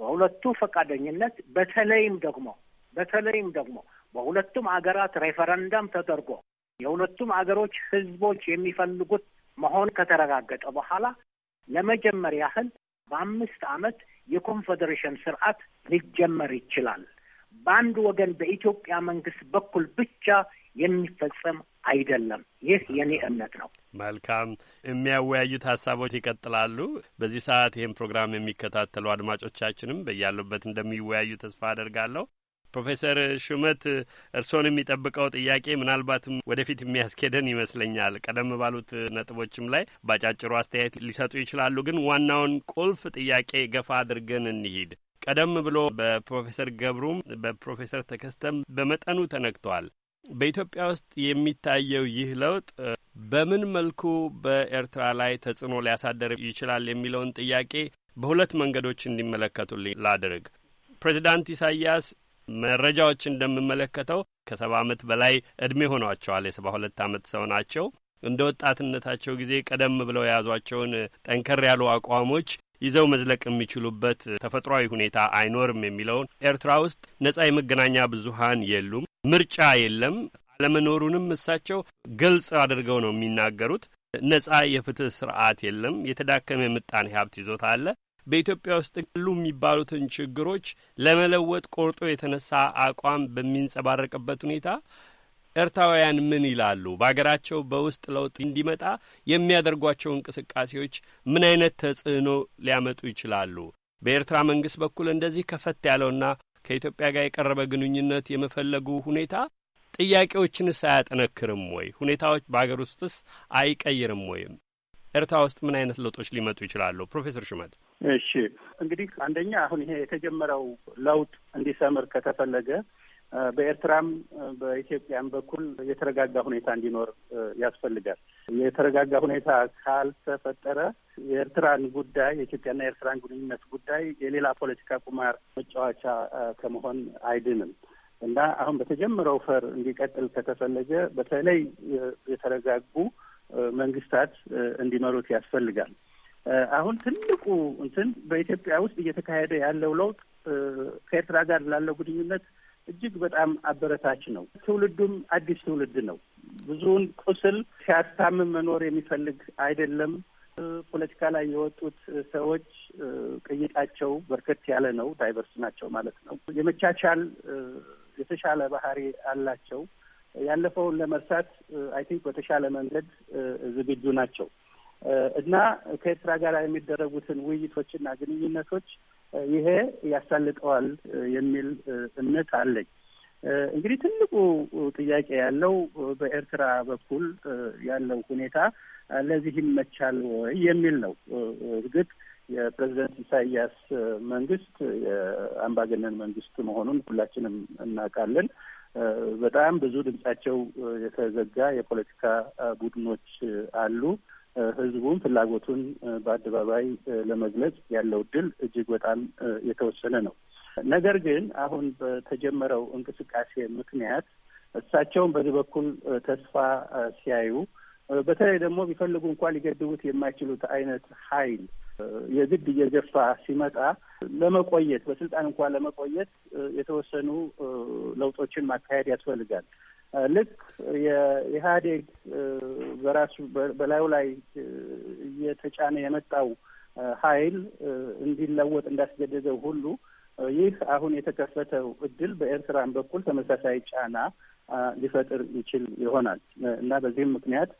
በሁለቱ ፈቃደኝነት በተለይም ደግሞ በተለይም ደግሞ በሁለቱም አገራት ሬፈረንደም ተደርጎ የሁለቱም አገሮች ህዝቦች የሚፈልጉት መሆን ከተረጋገጠ በኋላ ለመጀመር ያህል በአምስት ዓመት የኮንፌዴሬሽን ስርዓት ሊጀመር ይችላል። በአንድ ወገን በኢትዮጵያ መንግስት በኩል ብቻ የሚፈጸም አይደለም። ይህ የኔ እምነት ነው። መልካም የሚያወያዩት ሀሳቦች ይቀጥላሉ። በዚህ ሰዓት ይህን ፕሮግራም የሚከታተሉ አድማጮቻችንም በያሉበት እንደሚወያዩ ተስፋ አደርጋለሁ። ፕሮፌሰር ሹመት እርስዎን የሚጠብቀው ጥያቄ ምናልባትም ወደፊት የሚያስኬደን ይመስለኛል። ቀደም ባሉት ነጥቦችም ላይ ባጫጭሩ አስተያየት ሊሰጡ ይችላሉ። ግን ዋናውን ቁልፍ ጥያቄ ገፋ አድርገን እንሂድ። ቀደም ብሎ በፕሮፌሰር ገብሩም በፕሮፌሰር ተከስተም በመጠኑ ተነክቷል። በኢትዮጵያ ውስጥ የሚታየው ይህ ለውጥ በምን መልኩ በኤርትራ ላይ ተጽዕኖ ሊያሳደር ይችላል የሚለውን ጥያቄ በሁለት መንገዶች እንዲመለከቱልኝ ላድርግ። ፕሬዚዳንት ኢሳያስ መረጃዎች እንደምመለከተው ከሰባ ዓመት በላይ እድሜ ሆኗቸዋል። የሰባ ሁለት ዓመት ሰው ናቸው። እንደ ወጣትነታቸው ጊዜ ቀደም ብለው የያዟቸውን ጠንከር ያሉ አቋሞች ይዘው መዝለቅ የሚችሉበት ተፈጥሯዊ ሁኔታ አይኖርም የሚለውን ኤርትራ ውስጥ ነጻ የመገናኛ ብዙሃን የሉም፣ ምርጫ የለም። አለመኖሩንም እሳቸው ግልጽ አድርገው ነው የሚናገሩት። ነጻ የፍትህ ስርዓት የለም። የተዳከመ የምጣኔ ሀብት ይዞታ አለ። በኢትዮጵያ ውስጥ ሉ የሚባሉትን ችግሮች ለመለወጥ ቆርጦ የተነሳ አቋም በሚንጸባረቅበት ሁኔታ ኤርትራውያን ምን ይላሉ? በሀገራቸው በውስጥ ለውጥ እንዲመጣ የሚያደርጓቸው እንቅስቃሴዎች ምን አይነት ተጽዕኖ ሊያመጡ ይችላሉ? በኤርትራ መንግስት በኩል እንደዚህ ከፈት ያለውና ከኢትዮጵያ ጋር የቀረበ ግንኙነት የመፈለጉ ሁኔታ ጥያቄዎችንስ አያጠነክርም ወይ? ሁኔታዎች በሀገር ውስጥስ አይቀይርም ወይም ኤርትራ ውስጥ ምን አይነት ለውጦች ሊመጡ ይችላሉ? ፕሮፌሰር ሹመት እሺ እንግዲህ አንደኛ አሁን ይሄ የተጀመረው ለውጥ እንዲሰምር ከተፈለገ በኤርትራም በኢትዮጵያም በኩል የተረጋጋ ሁኔታ እንዲኖር ያስፈልጋል። የተረጋጋ ሁኔታ ካልተፈጠረ የኤርትራን ጉዳይ የኢትዮጵያና የኤርትራን ግንኙነት ጉዳይ የሌላ ፖለቲካ ቁማር መጫወቻ ከመሆን አይድንም እና አሁን በተጀመረው ፈር እንዲቀጥል ከተፈለገ በተለይ የተረጋጉ መንግስታት እንዲመሩት ያስፈልጋል። አሁን ትልቁ እንትን በኢትዮጵያ ውስጥ እየተካሄደ ያለው ለውጥ ከኤርትራ ጋር ላለው ግንኙነት እጅግ በጣም አበረታች ነው። ትውልዱም አዲስ ትውልድ ነው። ብዙውን ቁስል ሲያስታምም መኖር የሚፈልግ አይደለም። ፖለቲካ ላይ የወጡት ሰዎች ቅይጣቸው በርከት ያለ ነው። ዳይቨርስ ናቸው ማለት ነው። የመቻቻል የተሻለ ባህሪ አላቸው። ያለፈውን ለመርሳት አይ ቲንክ በተሻለ መንገድ ዝግጁ ናቸው። እና ከኤርትራ ጋር የሚደረጉትን ውይይቶችና ግንኙነቶች ይሄ ያሳልጠዋል የሚል እምነት አለኝ። እንግዲህ ትልቁ ጥያቄ ያለው በኤርትራ በኩል ያለው ሁኔታ ለዚህ ይመቻል ወይ የሚል ነው። እርግጥ የፕሬዚደንት ኢሳያስ መንግስት የአምባገነን መንግስት መሆኑን ሁላችንም እናውቃለን። በጣም ብዙ ድምጻቸው የተዘጋ የፖለቲካ ቡድኖች አሉ። ህዝቡን ፍላጎቱን በአደባባይ ለመግለጽ ያለው እድል እጅግ በጣም የተወሰነ ነው። ነገር ግን አሁን በተጀመረው እንቅስቃሴ ምክንያት እሳቸውን በዚህ በኩል ተስፋ ሲያዩ፣ በተለይ ደግሞ ቢፈልጉ እንኳ ሊገድቡት የማይችሉት አይነት ኃይል የግድ እየገፋ ሲመጣ ለመቆየት በስልጣን እንኳ ለመቆየት የተወሰኑ ለውጦችን ማካሄድ ያስፈልጋል። ልክ የኢህአዴግ በራሱ በላዩ ላይ እየተጫነ የመጣው ኃይል እንዲለወጥ እንዳስገደደው ሁሉ ይህ አሁን የተከፈተው እድል በኤርትራም በኩል ተመሳሳይ ጫና ሊፈጥር ይችል ይሆናል እና በዚህም ምክንያት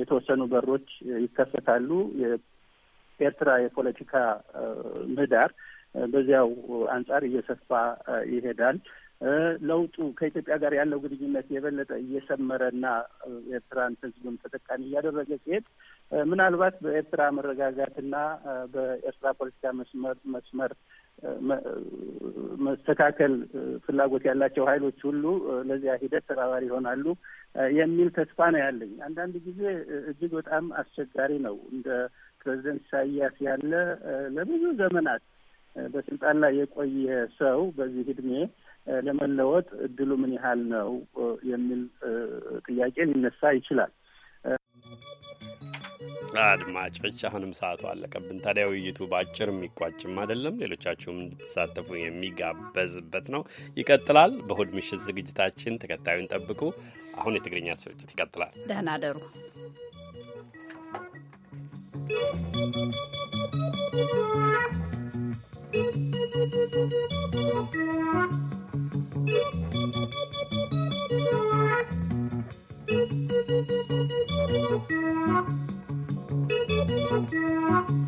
የተወሰኑ በሮች ይከፈታሉ። የኤርትራ የፖለቲካ ምህዳር በዚያው አንጻር እየሰፋ ይሄዳል። ለውጡ ከኢትዮጵያ ጋር ያለው ግንኙነት የበለጠ እና ኤርትራን ሕዝብም ተጠቃሚ እያደረገ ሲሄድ ምናልባት በኤርትራ መረጋጋትና በኤርትራ ፖለቲካ መስመር መስመር መስተካከል ፍላጎት ያላቸው ኃይሎች ሁሉ ለዚያ ሂደት ተባባሪ ይሆናሉ የሚል ተስፋ ነው ያለኝ። አንዳንድ ጊዜ እጅግ በጣም አስቸጋሪ ነው። እንደ ፕሬዚደንት ኢሳያስ ያለ ለብዙ ዘመናት በስልጣን ላይ የቆየ ሰው በዚህ እድሜ ለመለወጥ እድሉ ምን ያህል ነው የሚል ጥያቄ ሊነሳ ይችላል። አድማጮች አሁንም ሰዓቱ አለቀብን። ታዲያ ውይይቱ በአጭር የሚቋጭም አይደለም፣ ሌሎቻችሁም እንድትሳተፉ የሚጋበዝበት ነው። ይቀጥላል። በእሁድ ምሽት ዝግጅታችን ተከታዩን ጠብቁ። አሁን የትግርኛ ስርጭት ይቀጥላል። ደህና ደሩ? Thank you.